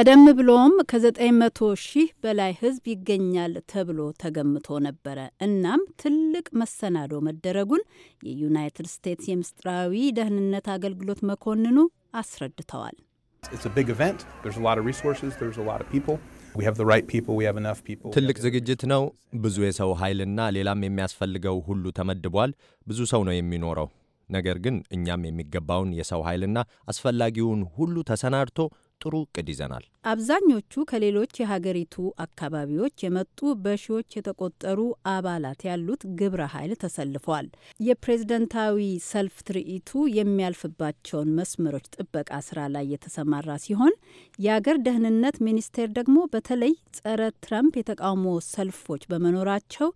ቀደም ብሎም ከ900 ሺህ በላይ ሕዝብ ይገኛል ተብሎ ተገምቶ ነበረ። እናም ትልቅ መሰናዶ መደረጉን የዩናይትድ ስቴትስ የምስጢራዊ ደህንነት አገልግሎት መኮንኑ አስረድተዋል። ትልቅ ዝግጅት ነው። ብዙ የሰው ኃይልና ሌላም የሚያስፈልገው ሁሉ ተመድቧል። ብዙ ሰው ነው የሚኖረው። ነገር ግን እኛም የሚገባውን የሰው ኃይልና አስፈላጊውን ሁሉ ተሰናድቶ ጥሩ ቅድ ይዘናል። አብዛኞቹ ከሌሎች የሀገሪቱ አካባቢዎች የመጡ በሺዎች የተቆጠሩ አባላት ያሉት ግብረ ኃይል ተሰልፏል። የፕሬዝደንታዊ ሰልፍ ትርኢቱ የሚያልፍባቸውን መስመሮች ጥበቃ ስራ ላይ የተሰማራ ሲሆን የአገር ደህንነት ሚኒስቴር ደግሞ በተለይ ጸረ ትራምፕ የተቃውሞ ሰልፎች በመኖራቸው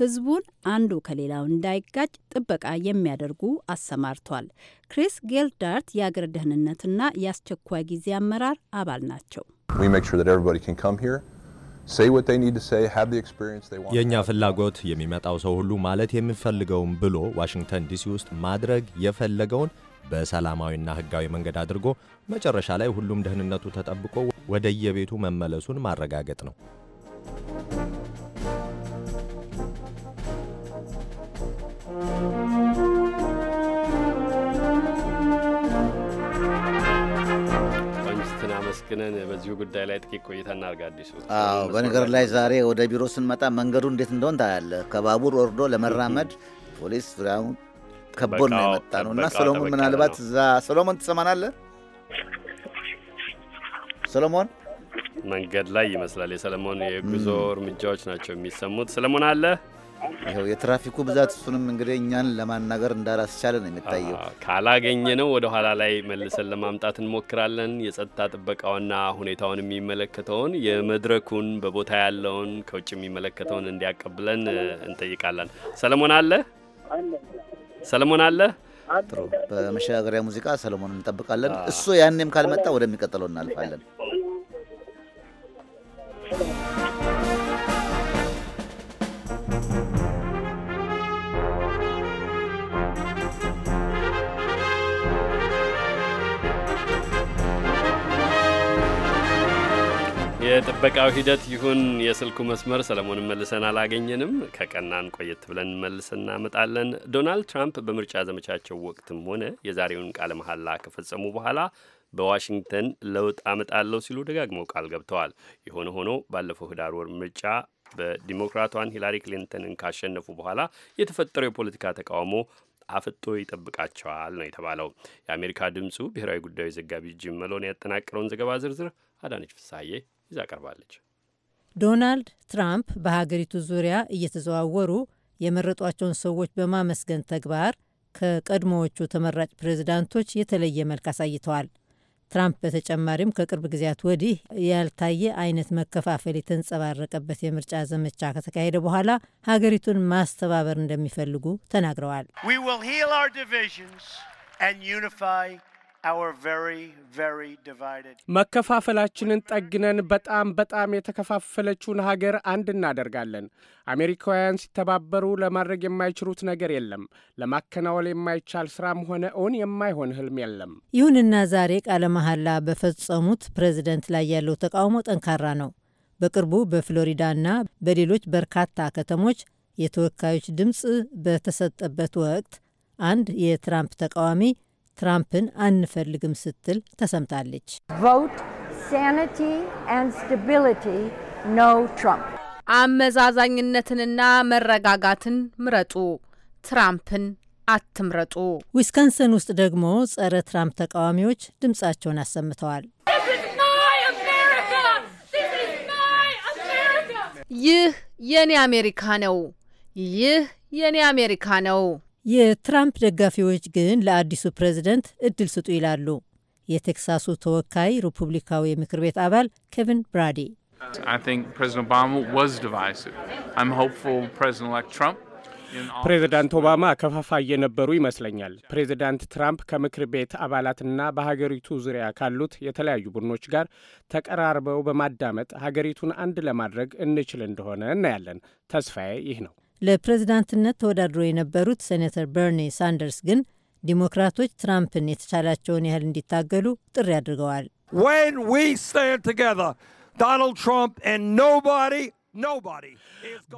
ህዝቡን አንዱ ከሌላው እንዳይጋጭ ጥበቃ የሚያደርጉ አሰማርቷል። ክሪስ ጌልዳርት የአገር ደህንነትና የአስቸኳይ ጊዜ አመራር አባል ናቸው። የእኛ ፍላጎት የሚመጣው ሰው ሁሉ ማለት የሚፈልገውን ብሎ ዋሽንግተን ዲሲ ውስጥ ማድረግ የፈለገውን በሰላማዊና ሕጋዊ መንገድ አድርጎ መጨረሻ ላይ ሁሉም ደህንነቱ ተጠብቆ ወደየቤቱ መመለሱን ማረጋገጥ ነው። አመስግነን በዚሁ ጉዳይ ላይ ጥቂት ቆይታ እናድርግ። አዲሱ አዎ፣ በነገር ላይ ዛሬ ወደ ቢሮ ስንመጣ መንገዱ እንዴት እንደሆን ታያለህ። ከባቡር ወርዶ ለመራመድ ፖሊስ ዙሪያውን ከቦን ነው የመጣ ነው እና ሰሎሞን፣ ምናልባት እዛ ሰሎሞን ትሰማናለህ? ሰሎሞን መንገድ ላይ ይመስላል የሰለሞን የጉዞ እርምጃዎች ናቸው የሚሰሙት። ሰለሞን አለ ይኸው የትራፊኩ ብዛት እሱንም እንግዲህ እኛን ለማናገር እንዳላስቻለ ነው የሚታየው። ካላገኘ ነው ወደ ኋላ ላይ መልሰን ለማምጣት እንሞክራለን። የጸጥታ ጥበቃውና ሁኔታውን የሚመለከተውን የመድረኩን በቦታ ያለውን ከውጭ የሚመለከተውን እንዲያቀብለን እንጠይቃለን። ሰለሞን አለ ሰለሞን አለ። ጥሩ። በመሸጋገሪያ ሙዚቃ ሰለሞን እንጠብቃለን። እሱ ያኔም ካልመጣ ወደሚቀጥለው እናልፋለን። የጥበቃው ሂደት ይሁን የስልኩ መስመር ሰለሞንን መልሰን አላገኘንም። ከቀናን ቆየት ብለን መልስ እናመጣለን። ዶናልድ ትራምፕ በምርጫ ዘመቻቸው ወቅትም ሆነ የዛሬውን ቃለ መሐላ ከፈጸሙ በኋላ በዋሽንግተን ለውጥ አመጣለሁ ሲሉ ደጋግመው ቃል ገብተዋል። የሆነ ሆኖ ባለፈው ህዳር ወር ምርጫ በዲሞክራቷን ሂላሪ ክሊንተንን ካሸነፉ በኋላ የተፈጠረው የፖለቲካ ተቃውሞ አፍጦ ይጠብቃቸዋል ነው የተባለው። የአሜሪካ ድምፁ ብሔራዊ ጉዳዮች ዘጋቢ ጅም መሎን ያጠናቀረውን ዘገባ ዝርዝር አዳነች ፍሳዬ ይዛ ቀርባለች። ዶናልድ ትራምፕ በሀገሪቱ ዙሪያ እየተዘዋወሩ የመረጧቸውን ሰዎች በማመስገን ተግባር ከቀድሞዎቹ ተመራጭ ፕሬዚዳንቶች የተለየ መልክ አሳይተዋል። ትራምፕ በተጨማሪም ከቅርብ ጊዜያት ወዲህ ያልታየ አይነት መከፋፈል የተንጸባረቀበት የምርጫ ዘመቻ ከተካሄደ በኋላ ሀገሪቱን ማስተባበር እንደሚፈልጉ ተናግረዋል። መከፋፈላችንን ጠግነን በጣም በጣም የተከፋፈለችውን ሀገር አንድ እናደርጋለን። አሜሪካውያን ሲተባበሩ ለማድረግ የማይችሉት ነገር የለም። ለማከናወል የማይቻል ስራም ሆነ እውን የማይሆን ህልም የለም። ይሁንና ዛሬ ቃለ መሐላ በፈጸሙት ፕሬዚደንት ላይ ያለው ተቃውሞ ጠንካራ ነው። በቅርቡ በፍሎሪዳና በሌሎች በርካታ ከተሞች የተወካዮች ድምፅ በተሰጠበት ወቅት አንድ የትራምፕ ተቃዋሚ ትራምፕን አንፈልግም ስትል ተሰምታለች። አመዛዛኝነትንና መረጋጋትን ምረጡ፣ ትራምፕን አትምረጡ። ዊስከንሰን ውስጥ ደግሞ ጸረ ትራምፕ ተቃዋሚዎች ድምፃቸውን አሰምተዋል። ይህ የኔ አሜሪካ ነው፣ ይህ የኔ አሜሪካ ነው የትራምፕ ደጋፊዎች ግን ለአዲሱ ፕሬዝደንት እድል ስጡ ይላሉ። የቴክሳሱ ተወካይ ሪፑብሊካዊ የምክር ቤት አባል ኬቪን ብራዲ ፕሬዚዳንት ኦባማ ከፋፋ እየነበሩ ይመስለኛል። ፕሬዚዳንት ትራምፕ ከምክር ቤት አባላትና በሀገሪቱ ዙሪያ ካሉት የተለያዩ ቡድኖች ጋር ተቀራርበው በማዳመጥ ሀገሪቱን አንድ ለማድረግ እንችል እንደሆነ እናያለን። ተስፋዬ ይህ ነው። ለፕሬዝዳንትነት ተወዳድሮ የነበሩት ሴኔተር በርኒ ሳንደርስ ግን ዲሞክራቶች ትራምፕን የተቻላቸውን ያህል እንዲታገሉ ጥሪ አድርገዋል።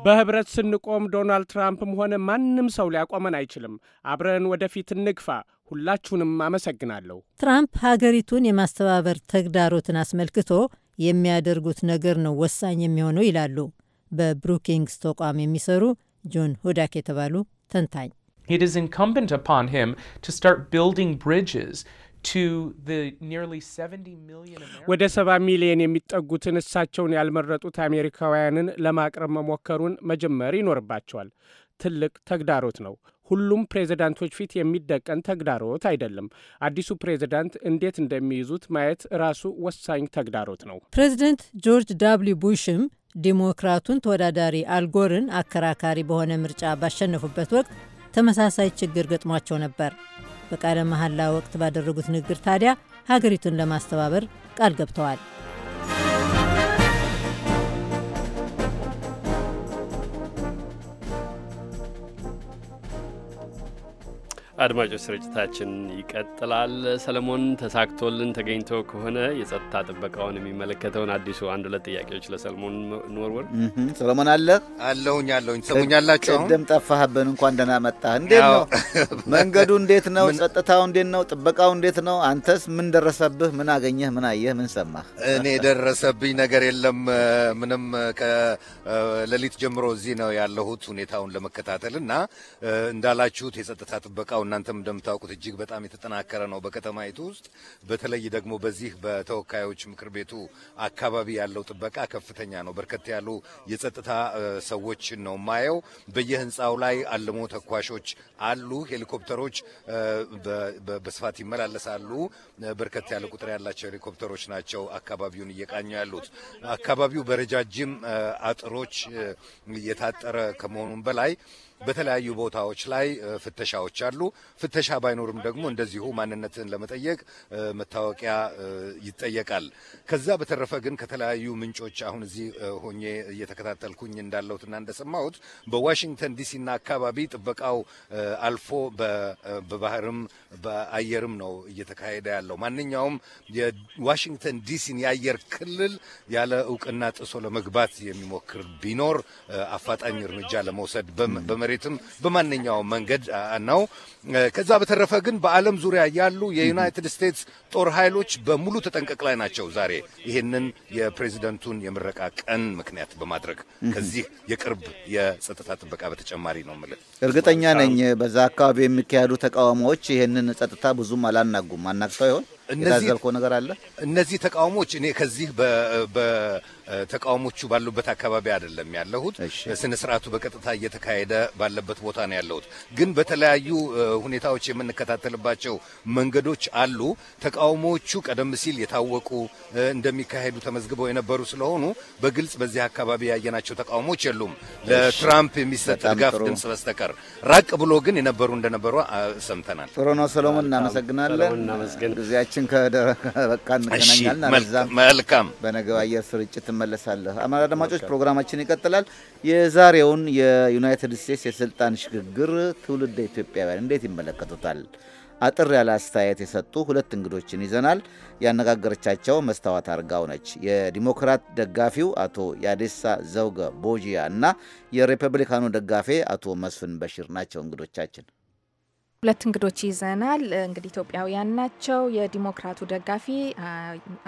በህብረት ስንቆም ዶናልድ ትራምፕም ሆነ ማንም ሰው ሊያቆመን አይችልም። አብረን ወደፊት እንግፋ። ሁላችሁንም አመሰግናለሁ። ትራምፕ ሀገሪቱን የማስተባበር ተግዳሮትን አስመልክቶ የሚያደርጉት ነገር ነው ወሳኝ የሚሆነው ይላሉ በብሩኪንግስ ተቋም የሚሰሩ ጆን ሁዳክ የተባሉ ተንታኝ It is incumbent upon him to start building bridges ወደ ሰባ ሚሊዮን የሚጠጉትን እሳቸውን ያልመረጡት አሜሪካውያንን ለማቅረብ መሞከሩን መጀመር ይኖርባቸዋል። ትልቅ ተግዳሮት ነው። ሁሉም ፕሬዝዳንቶች ፊት የሚደቀን ተግዳሮት አይደለም። አዲሱ ፕሬዝዳንት እንዴት እንደሚይዙት ማየት ራሱ ወሳኝ ተግዳሮት ነው። ፕሬዝደንት ጆርጅ ዳብሊው ቡሽም ዲሞክራቱን ተወዳዳሪ አልጎርን አከራካሪ በሆነ ምርጫ ባሸነፉበት ወቅት ተመሳሳይ ችግር ገጥሟቸው ነበር። በቃለ መሐላ ወቅት ባደረጉት ንግግር ታዲያ ሀገሪቱን ለማስተባበር ቃል ገብተዋል። አድማጮች ስርጭታችን ይቀጥላል። ሰለሞን ተሳክቶልን ተገኝቶ ከሆነ የጸጥታ ጥበቃውን የሚመለከተውን አዲሱ አንድ ሁለት ጥያቄዎች ለሰለሞን ኖርወር ሰለሞን አለ አለሁኝ አለሁኝ ሰሙኛላቸው ቅድም ጠፋህብን፣ እንኳን ደህና መጣህ። እንዴት ነው መንገዱ? እንዴት ነው ጸጥታው? እንዴት ነው ጥበቃው? እንዴት ነው አንተስ? ምን ደረሰብህ? ምን አገኘህ? ምን አየህ? ምን ሰማህ? እኔ የደረሰብኝ ነገር የለም ምንም። ከሌሊት ጀምሮ እዚህ ነው ያለሁት ሁኔታውን ለመከታተል እና እንዳላችሁት የጸጥታ ጥበቃው እናንተም እንደምታውቁት እጅግ በጣም የተጠናከረ ነው በከተማይቱ ውስጥ። በተለይ ደግሞ በዚህ በተወካዮች ምክር ቤቱ አካባቢ ያለው ጥበቃ ከፍተኛ ነው። በርከት ያሉ የጸጥታ ሰዎችን ነው ማየው። በየህንፃው ላይ አልሞ ተኳሾች አሉ። ሄሊኮፕተሮች በስፋት ይመላለሳሉ። በርከት ያለ ቁጥር ያላቸው ሄሊኮፕተሮች ናቸው አካባቢውን እየቃኙ ያሉት። አካባቢው በረጃጅም አጥሮች የታጠረ ከመሆኑም በላይ በተለያዩ ቦታዎች ላይ ፍተሻዎች አሉ። ፍተሻ ባይኖርም ደግሞ እንደዚሁ ማንነትን ለመጠየቅ መታወቂያ ይጠየቃል። ከዛ በተረፈ ግን ከተለያዩ ምንጮች አሁን እዚህ ሆኜ እየተከታተልኩኝ እንዳለሁትና እንደሰማሁት በዋሽንግተን ዲሲና አካባቢ ጥበቃው አልፎ በባህርም በአየርም ነው እየተካሄደ ያለው። ማንኛውም የዋሽንግተን ዲሲን የአየር ክልል ያለ እውቅና ጥሶ ለመግባት የሚሞክር ቢኖር አፋጣኝ እርምጃ ለመውሰድ በመሬትም በማንኛውም መንገድ ነው። ከዛ በተረፈ ግን በዓለም ዙሪያ ያሉ የዩናይትድ ስቴትስ ጦር ኃይሎች በሙሉ ተጠንቀቅ ላይ ናቸው። ዛሬ ይህንን የፕሬዚደንቱን የምረቃ ቀን ምክንያት በማድረግ ከዚህ የቅርብ የጸጥታ ጥበቃ በተጨማሪ ነው የምልህ። እርግጠኛ ነኝ በዛ አካባቢ የሚካሄዱ ተቃውሞዎች ይህንን ይህንን ጸጥታ ብዙም አላናጉም። አናግተው ይሆን የታዘብከው ነገር አለ? እነዚህ ተቃውሞች እኔ ከዚህ ተቃውሞቹ ባሉበት አካባቢ አይደለም ያለሁት። ስነ ስርዓቱ በቀጥታ እየተካሄደ ባለበት ቦታ ነው ያለሁት። ግን በተለያዩ ሁኔታዎች የምንከታተልባቸው መንገዶች አሉ። ተቃውሞዎቹ ቀደም ሲል የታወቁ እንደሚካሄዱ ተመዝግበው የነበሩ ስለሆኑ በግልጽ በዚህ አካባቢ ያየናቸው ተቃውሞች የሉም፣ ለትራምፕ የሚሰጥ ድጋፍ ድምጽ በስተቀር ራቅ ብሎ ግን የነበሩ እንደነበሩ ሰምተናል። ጥሩ ነው ሰሎሞን፣ እናመሰግናለን። ጊዜያችን ከበቃ እንገናኛለን። መልካም በነገው አየር ስርጭት ትመለሳለህ። አማራ አድማጮች ፕሮግራማችን ይቀጥላል። የዛሬውን የዩናይትድ ስቴትስ የስልጣን ሽግግር ትውልደ ኢትዮጵያውያን እንዴት ይመለከቱታል? አጥር ያለ አስተያየት የሰጡ ሁለት እንግዶችን ይዘናል። ያነጋገረቻቸው መስታወት አርጋው ነች። የዲሞክራት ደጋፊው አቶ ያዴሳ ዘውገ ቦጂያ እና የሪፐብሊካኑ ደጋፊ አቶ መስፍን በሺር ናቸው እንግዶቻችን። ሁለት እንግዶች ይዘናል። እንግዲህ ኢትዮጵያውያን ናቸው። የዲሞክራቱ ደጋፊ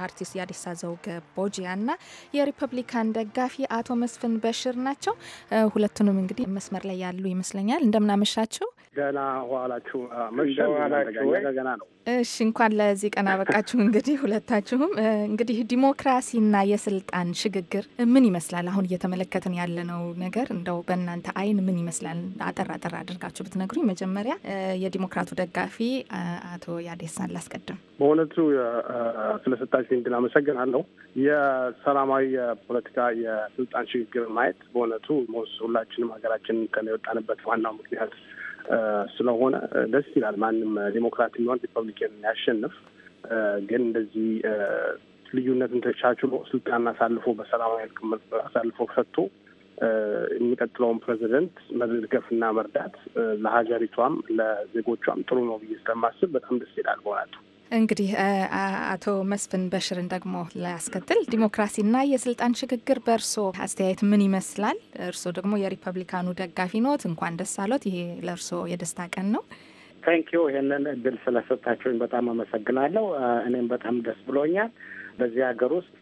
አርቲስት የአዲሳ ዘውገ ቦጂያ እና የሪፐብሊካን ደጋፊ አቶ መስፍን በሽር ናቸው። ሁለቱንም እንግዲህ መስመር ላይ ያሉ ይመስለኛል። እንደምናመሻችሁ። ደህና ዋላችሁ። ነው። እሺ፣ እንኳን ለዚህ ቀን አበቃችሁ። እንግዲህ ሁለታችሁም እንግዲህ ዲሞክራሲና የስልጣን ሽግግር ምን ይመስላል? አሁን እየተመለከትን ያለነው ነገር እንደው በእናንተ አይን ምን ይመስላል? አጠር አጠር አድርጋችሁ ብትነግሩኝ መጀመሪያ የዲሞክራቱ ደጋፊ አቶ ያዴሳን ላስቀድም። በእውነቱ ስለሰጣች ድል አመሰግናለሁ። የሰላማዊ የፖለቲካ የስልጣን ሽግግር ማየት በእውነቱ ሞስ ሁላችንም ሀገራችን ከወጣንበት ዋናው ምክንያት ስለሆነ ደስ ይላል። ማንም ዴሞክራት የሚሆን ሪፐብሊካን ያሸንፍ። ግን እንደዚህ ልዩነትን ተቻችሎ ስልጣን አሳልፎ በሰላማዊ ልክ አሳልፎ ሰጥቶ የሚቀጥለውን ፕሬዚደንት መደገፍና መርዳት ለሀገሪቷም ለዜጎቿም ጥሩ ነው ብዬ ስለማስብ በጣም ደስ ይላል በሆናቱ እንግዲህ አቶ መስፍን በሽርን ደግሞ ላያስከትል ዲሞክራሲና የስልጣን ሽግግር በእርሶ አስተያየት ምን ይመስላል? እርሶ ደግሞ የሪፐብሊካኑ ደጋፊ ኖት። እንኳን ደስ አሎት። ይሄ ለእርሶ የደስታ ቀን ነው። ታንኪዩ ይህንን እድል ስለሰጣችሁኝ በጣም አመሰግናለሁ። እኔም በጣም ደስ ብሎኛል። በዚህ ሀገር ውስጥ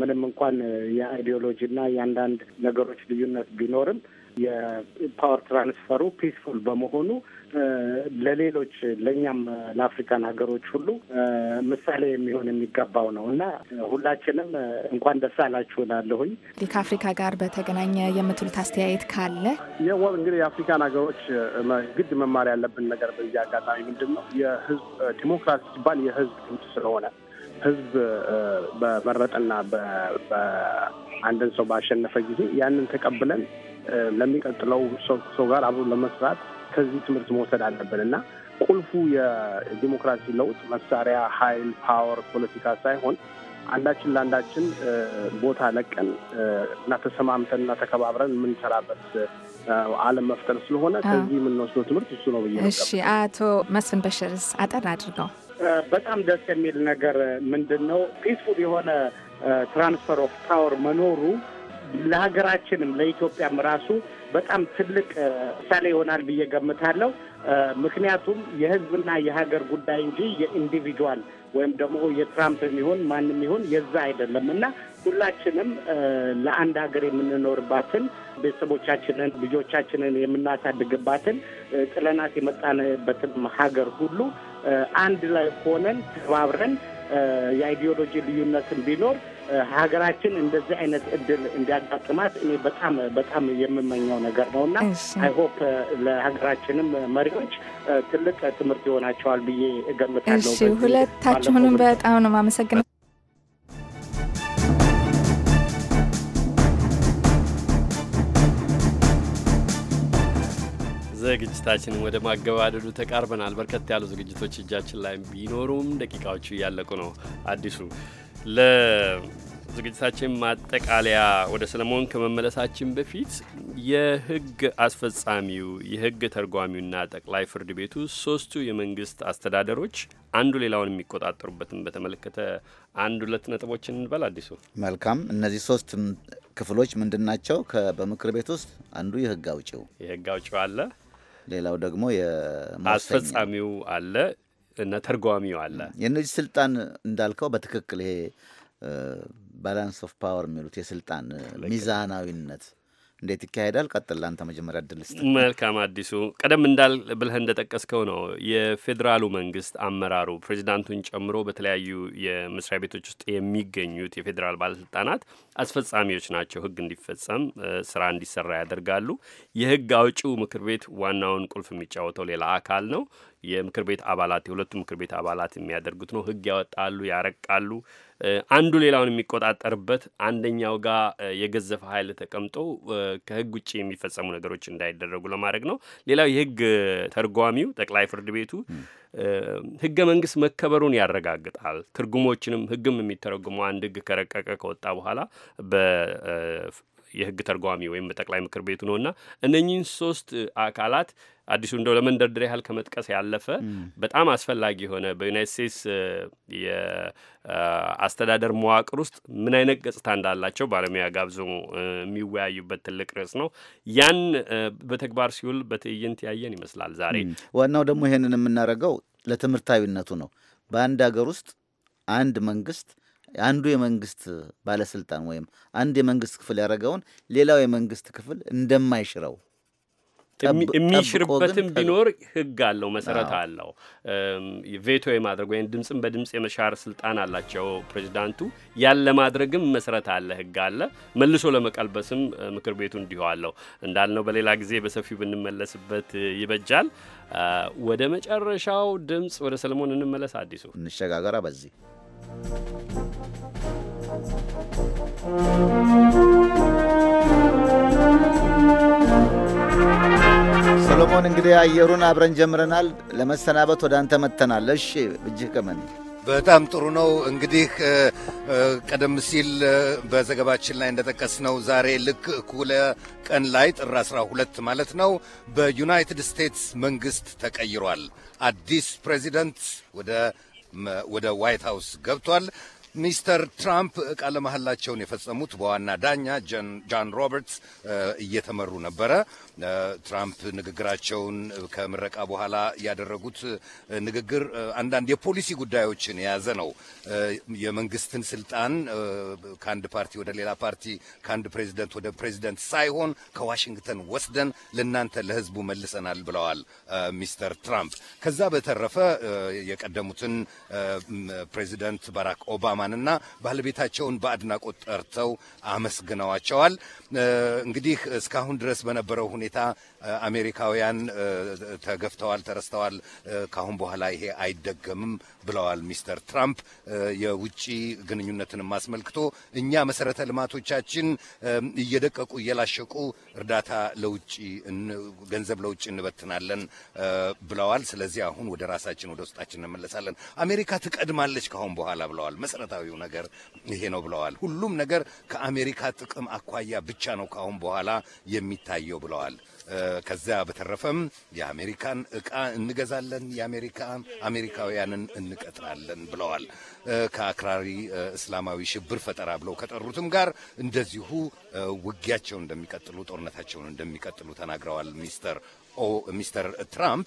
ምንም እንኳን የአይዲዮሎጂና የአንዳንድ ነገሮች ልዩነት ቢኖርም የፓወር ትራንስፈሩ ፒስፉል በመሆኑ ለሌሎች ለእኛም ለአፍሪካን ሀገሮች ሁሉ ምሳሌ የሚሆን የሚገባው ነው እና ሁላችንም እንኳን ደስ አላችሁ እላለሁኝ። ከአፍሪካ ጋር በተገናኘ የምትሉት አስተያየት ካለ ይህው እንግዲህ የአፍሪካን ሀገሮች ግድ መማር ያለብን ነገር በዚህ አጋጣሚ ምንድን ነው የህዝብ ዲሞክራሲ ሲባል የህዝብ ድምፅ ስለሆነ ህዝብ በመረጠና አንድን ሰው ባሸነፈ ጊዜ ያንን ተቀብለን ለሚቀጥለው ሰው ጋር አብሮ ለመስራት ከዚህ ትምህርት መውሰድ አለብን እና ቁልፉ የዲሞክራሲ ለውጥ መሳሪያ፣ ኃይል፣ ፓወር፣ ፖለቲካ ሳይሆን አንዳችን ለአንዳችን ቦታ ለቀን እና ተሰማምተን እና ተከባብረን የምንሰራበት ዓለም መፍጠር ስለሆነ ከዚህ የምንወስደው ትምህርት እሱ ነው ብዬ። እሺ አቶ መስፍን በሽርስ አጠር አድርገው በጣም ደስ የሚል ነገር ምንድን ነው ፒስፉል የሆነ ትራንስፈር ኦፍ ፓወር መኖሩ ለሀገራችንም ለኢትዮጵያም ራሱ በጣም ትልቅ ምሳሌ ይሆናል ብዬ ገምታለሁ። ምክንያቱም የህዝብና የሀገር ጉዳይ እንጂ የኢንዲቪጁዋል ወይም ደግሞ የትራምፕም ይሁን ማንም ይሁን የዛ አይደለም እና ሁላችንም ለአንድ ሀገር የምንኖርባትን ቤተሰቦቻችንን፣ ልጆቻችንን የምናሳድግባትን ጥለናት የመጣንበትም ሀገር ሁሉ አንድ ላይ ሆነን ተባብረን የአይዲዮሎጂ ልዩነትን ቢኖር ሀገራችን እንደዚህ አይነት እድል እንዲያጋጥማት እኔ በጣም በጣም የምመኘው ነገር ነው እና አይሆፕ ለሀገራችንም መሪዎች ትልቅ ትምህርት ይሆናቸዋል ብዬ እገምታለሁ። ሁለታችሁንም በጣም ነው የማመሰግነው። ዝግጅታችንን ወደ ማገባደዱ ተቃርበናል። በርከት ያሉ ዝግጅቶች እጃችን ላይ ቢኖሩም ደቂቃዎቹ እያለቁ ነው። አዲሱ ለዝግጅታችን ማጠቃለያ ወደ ሰለሞን ከመመለሳችን በፊት የህግ አስፈጻሚው የህግ ተርጓሚውና ጠቅላይ ፍርድ ቤቱ ሶስቱ የመንግስት አስተዳደሮች አንዱ ሌላውን የሚቆጣጠሩበትን በተመለከተ አንድ ሁለት ነጥቦችን እንበል። አዲሱ መልካም። እነዚህ ሶስት ክፍሎች ምንድን ናቸው? በምክር ቤት ውስጥ አንዱ የህግ አውጪው የህግ አውጪው አለ ሌላው ደግሞ አስፈጻሚው አለ እና ተርጓሚው አለ። የእነዚህ ስልጣን እንዳልከው በትክክል ይሄ ባላንስ ኦፍ ፓወር የሚሉት የስልጣን ሚዛናዊነት እንዴት ይካሄዳል? ቀጥል። ለአንተ መጀመሪያ እድል ስጥ። መልካም አዲሱ፣ ቀደም እንዳል ብለህ እንደጠቀስከው ነው የፌዴራሉ መንግስት አመራሩ ፕሬዚዳንቱን ጨምሮ በተለያዩ የመስሪያ ቤቶች ውስጥ የሚገኙት የፌዴራል ባለስልጣናት አስፈጻሚዎች ናቸው። ህግ እንዲፈጸም ስራ እንዲሰራ ያደርጋሉ። የህግ አውጪው ምክር ቤት ዋናውን ቁልፍ የሚጫወተው ሌላ አካል ነው። የምክር ቤት አባላት የሁለቱ ምክር ቤት አባላት የሚያደርጉት ነው። ህግ ያወጣሉ፣ ያረቃሉ አንዱ ሌላውን የሚቆጣጠርበት አንደኛው ጋር የገዘፈ ኃይል ተቀምጦ ከህግ ውጭ የሚፈጸሙ ነገሮች እንዳይደረጉ ለማድረግ ነው። ሌላው የህግ ተርጓሚው ጠቅላይ ፍርድ ቤቱ ህገ መንግስት መከበሩን ያረጋግጣል። ትርጉሞችንም ህግም የሚተረጉመው አንድ ህግ ከረቀቀ ከወጣ በኋላ የህግ ተርጓሚ ወይም በጠቅላይ ምክር ቤቱ ነው እና እነኚህን ሶስት አካላት አዲሱ እንደው ለመንደርደር ያህል ከመጥቀስ ያለፈ በጣም አስፈላጊ የሆነ በዩናይት ስቴትስ የአስተዳደር መዋቅር ውስጥ ምን አይነት ገጽታ እንዳላቸው ባለሙያ ጋብዞ የሚወያዩበት ትልቅ ርዕስ ነው። ያን በተግባር ሲውል በትዕይንት ያየን ይመስላል ዛሬ። ዋናው ደግሞ ይሄንን የምናደርገው ለትምህርታዊነቱ ነው። በአንድ ሀገር ውስጥ አንድ መንግስት አንዱ የመንግስት ባለስልጣን ወይም አንድ የመንግስት ክፍል ያደረገውን ሌላው የመንግስት ክፍል እንደማይሽረው የሚሽርበትም ቢኖር ህግ አለው፣ መሰረት አለው። ቬቶ የማድረግ ወይም ድምፅን በድምፅ የመሻር ስልጣን አላቸው ፕሬዚዳንቱ። ያን ለማድረግም መሰረት አለ፣ ህግ አለ። መልሶ ለመቀልበስም ምክር ቤቱ እንዲሁ አለው። እንዳልነው በሌላ ጊዜ በሰፊው ብንመለስበት ይበጃል። ወደ መጨረሻው ድምፅ ወደ ሰለሞን እንመለስ። አዲሱ እንሸጋገራ በዚህ ሰሎሞን እንግዲህ አየሩን አብረን ጀምረናል። ለመሰናበት ወደ አንተ መጥተናል። እሺ እጅህ ከመን በጣም ጥሩ ነው። እንግዲህ ቀደም ሲል በዘገባችን ላይ እንደጠቀስነው ዛሬ ልክ እኩለ ቀን ላይ ጥር 12 ማለት ነው በዩናይትድ ስቴትስ መንግስት ተቀይሯል። አዲስ ፕሬዚደንት ወደ ወደ ዋይት ሀውስ ገብቷል። ሚስተር ትራምፕ ቃለ መሐላቸውን የፈጸሙት በዋና ዳኛ ጃን ሮበርትስ እየተመሩ ነበረ። ትራምፕ ንግግራቸውን ከምረቃ በኋላ ያደረጉት ንግግር አንዳንድ የፖሊሲ ጉዳዮችን የያዘ ነው። የመንግስትን ስልጣን ከአንድ ፓርቲ ወደ ሌላ ፓርቲ፣ ከአንድ ፕሬዚደንት ወደ ፕሬዚደንት ሳይሆን ከዋሽንግተን ወስደን ለእናንተ ለህዝቡ መልሰናል ብለዋል ሚስተር ትራምፕ። ከዛ በተረፈ የቀደሙትን ፕሬዚደንት ባራክ ኦባማንና ባለቤታቸውን በአድናቆት ጠርተው አመስግነዋቸዋል። እንግዲህ እስካሁን ድረስ በነበረው ሁኔታ አሜሪካውያን ተገፍተዋል፣ ተረስተዋል፣ ካሁን በኋላ ይሄ አይደገምም ብለዋል ሚስተር ትራምፕ። የውጭ ግንኙነትንም አስመልክቶ እኛ መሰረተ ልማቶቻችን እየደቀቁ እየላሸቁ እርዳታ ለውጭ ገንዘብ ለውጭ እንበትናለን ብለዋል። ስለዚህ አሁን ወደ ራሳችን ወደ ውስጣችን እንመለሳለን። አሜሪካ ትቀድማለች ካሁን በኋላ ብለዋል። መሰረታዊው ነገር ይሄ ነው ብለዋል። ሁሉም ነገር ከአሜሪካ ጥቅም አኳያ ብቻ ነው ካሁን በኋላ የሚታየው ብለዋል። ከዚያ በተረፈም የአሜሪካን እቃ እንገዛለን፣ የአሜሪካ አሜሪካውያንን እንቀጥራለን ብለዋል። ከአክራሪ እስላማዊ ሽብር ፈጠራ ብለው ከጠሩትም ጋር እንደዚሁ ውጊያቸውን እንደሚቀጥሉ፣ ጦርነታቸውን እንደሚቀጥሉ ተናግረዋል ሚስተር ሚስተር ትራምፕ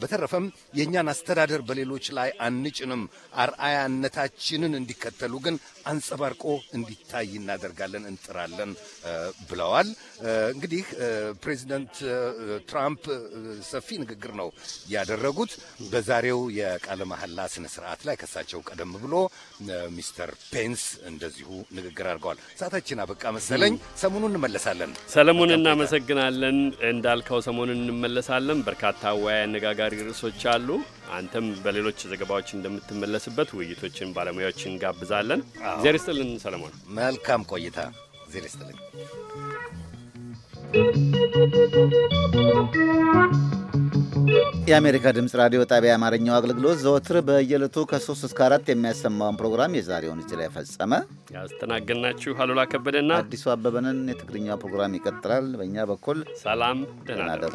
በተረፈም የእኛን አስተዳደር በሌሎች ላይ አንጭንም፣ አርአያነታችንን እንዲከተሉ ግን አንጸባርቆ እንዲታይ እናደርጋለን፣ እንጥራለን ብለዋል። እንግዲህ ፕሬዚደንት ትራምፕ ሰፊ ንግግር ነው ያደረጉት በዛሬው የቃለ መሐላ ስነ ስርዓት ላይ ከሳቸው ቀደም ብሎ ሚስተር ፔንስ እንደዚሁ ንግግር አድርገዋል። ሰዓታችን አበቃ መሰለኝ። ሰሞኑን እንመለሳለን። ሰለሞን እናመሰግናለን። እንዳልከው ሰሞኑን እንመለሳለን። በርካታ አወያይ አነጋጋሪ ርዕሶች አሉ። አንተም በሌሎች ዘገባዎች እንደምትመለስበት ውይይቶችን ባለሙያዎች እንጋብዛለን። እግዜር ይስጥልን ሰለሞን፣ መልካም ቆይታ። እግዜር ይስጥልን። የአሜሪካ ድምፅ ራዲዮ ጣቢያ የአማርኛው አገልግሎት ዘወትር በየዕለቱ ከ3 እስከ 4 የሚያሰማውን ፕሮግራም የዛሬውን እዚህ ላይ ፈጸመ። ያስተናገድናችሁ አሉላ ከበደና አዲሱ አበበንን። የትግርኛ ፕሮግራም ይቀጥላል። በእኛ በኩል ሰላም፣ ደህና ደሩ።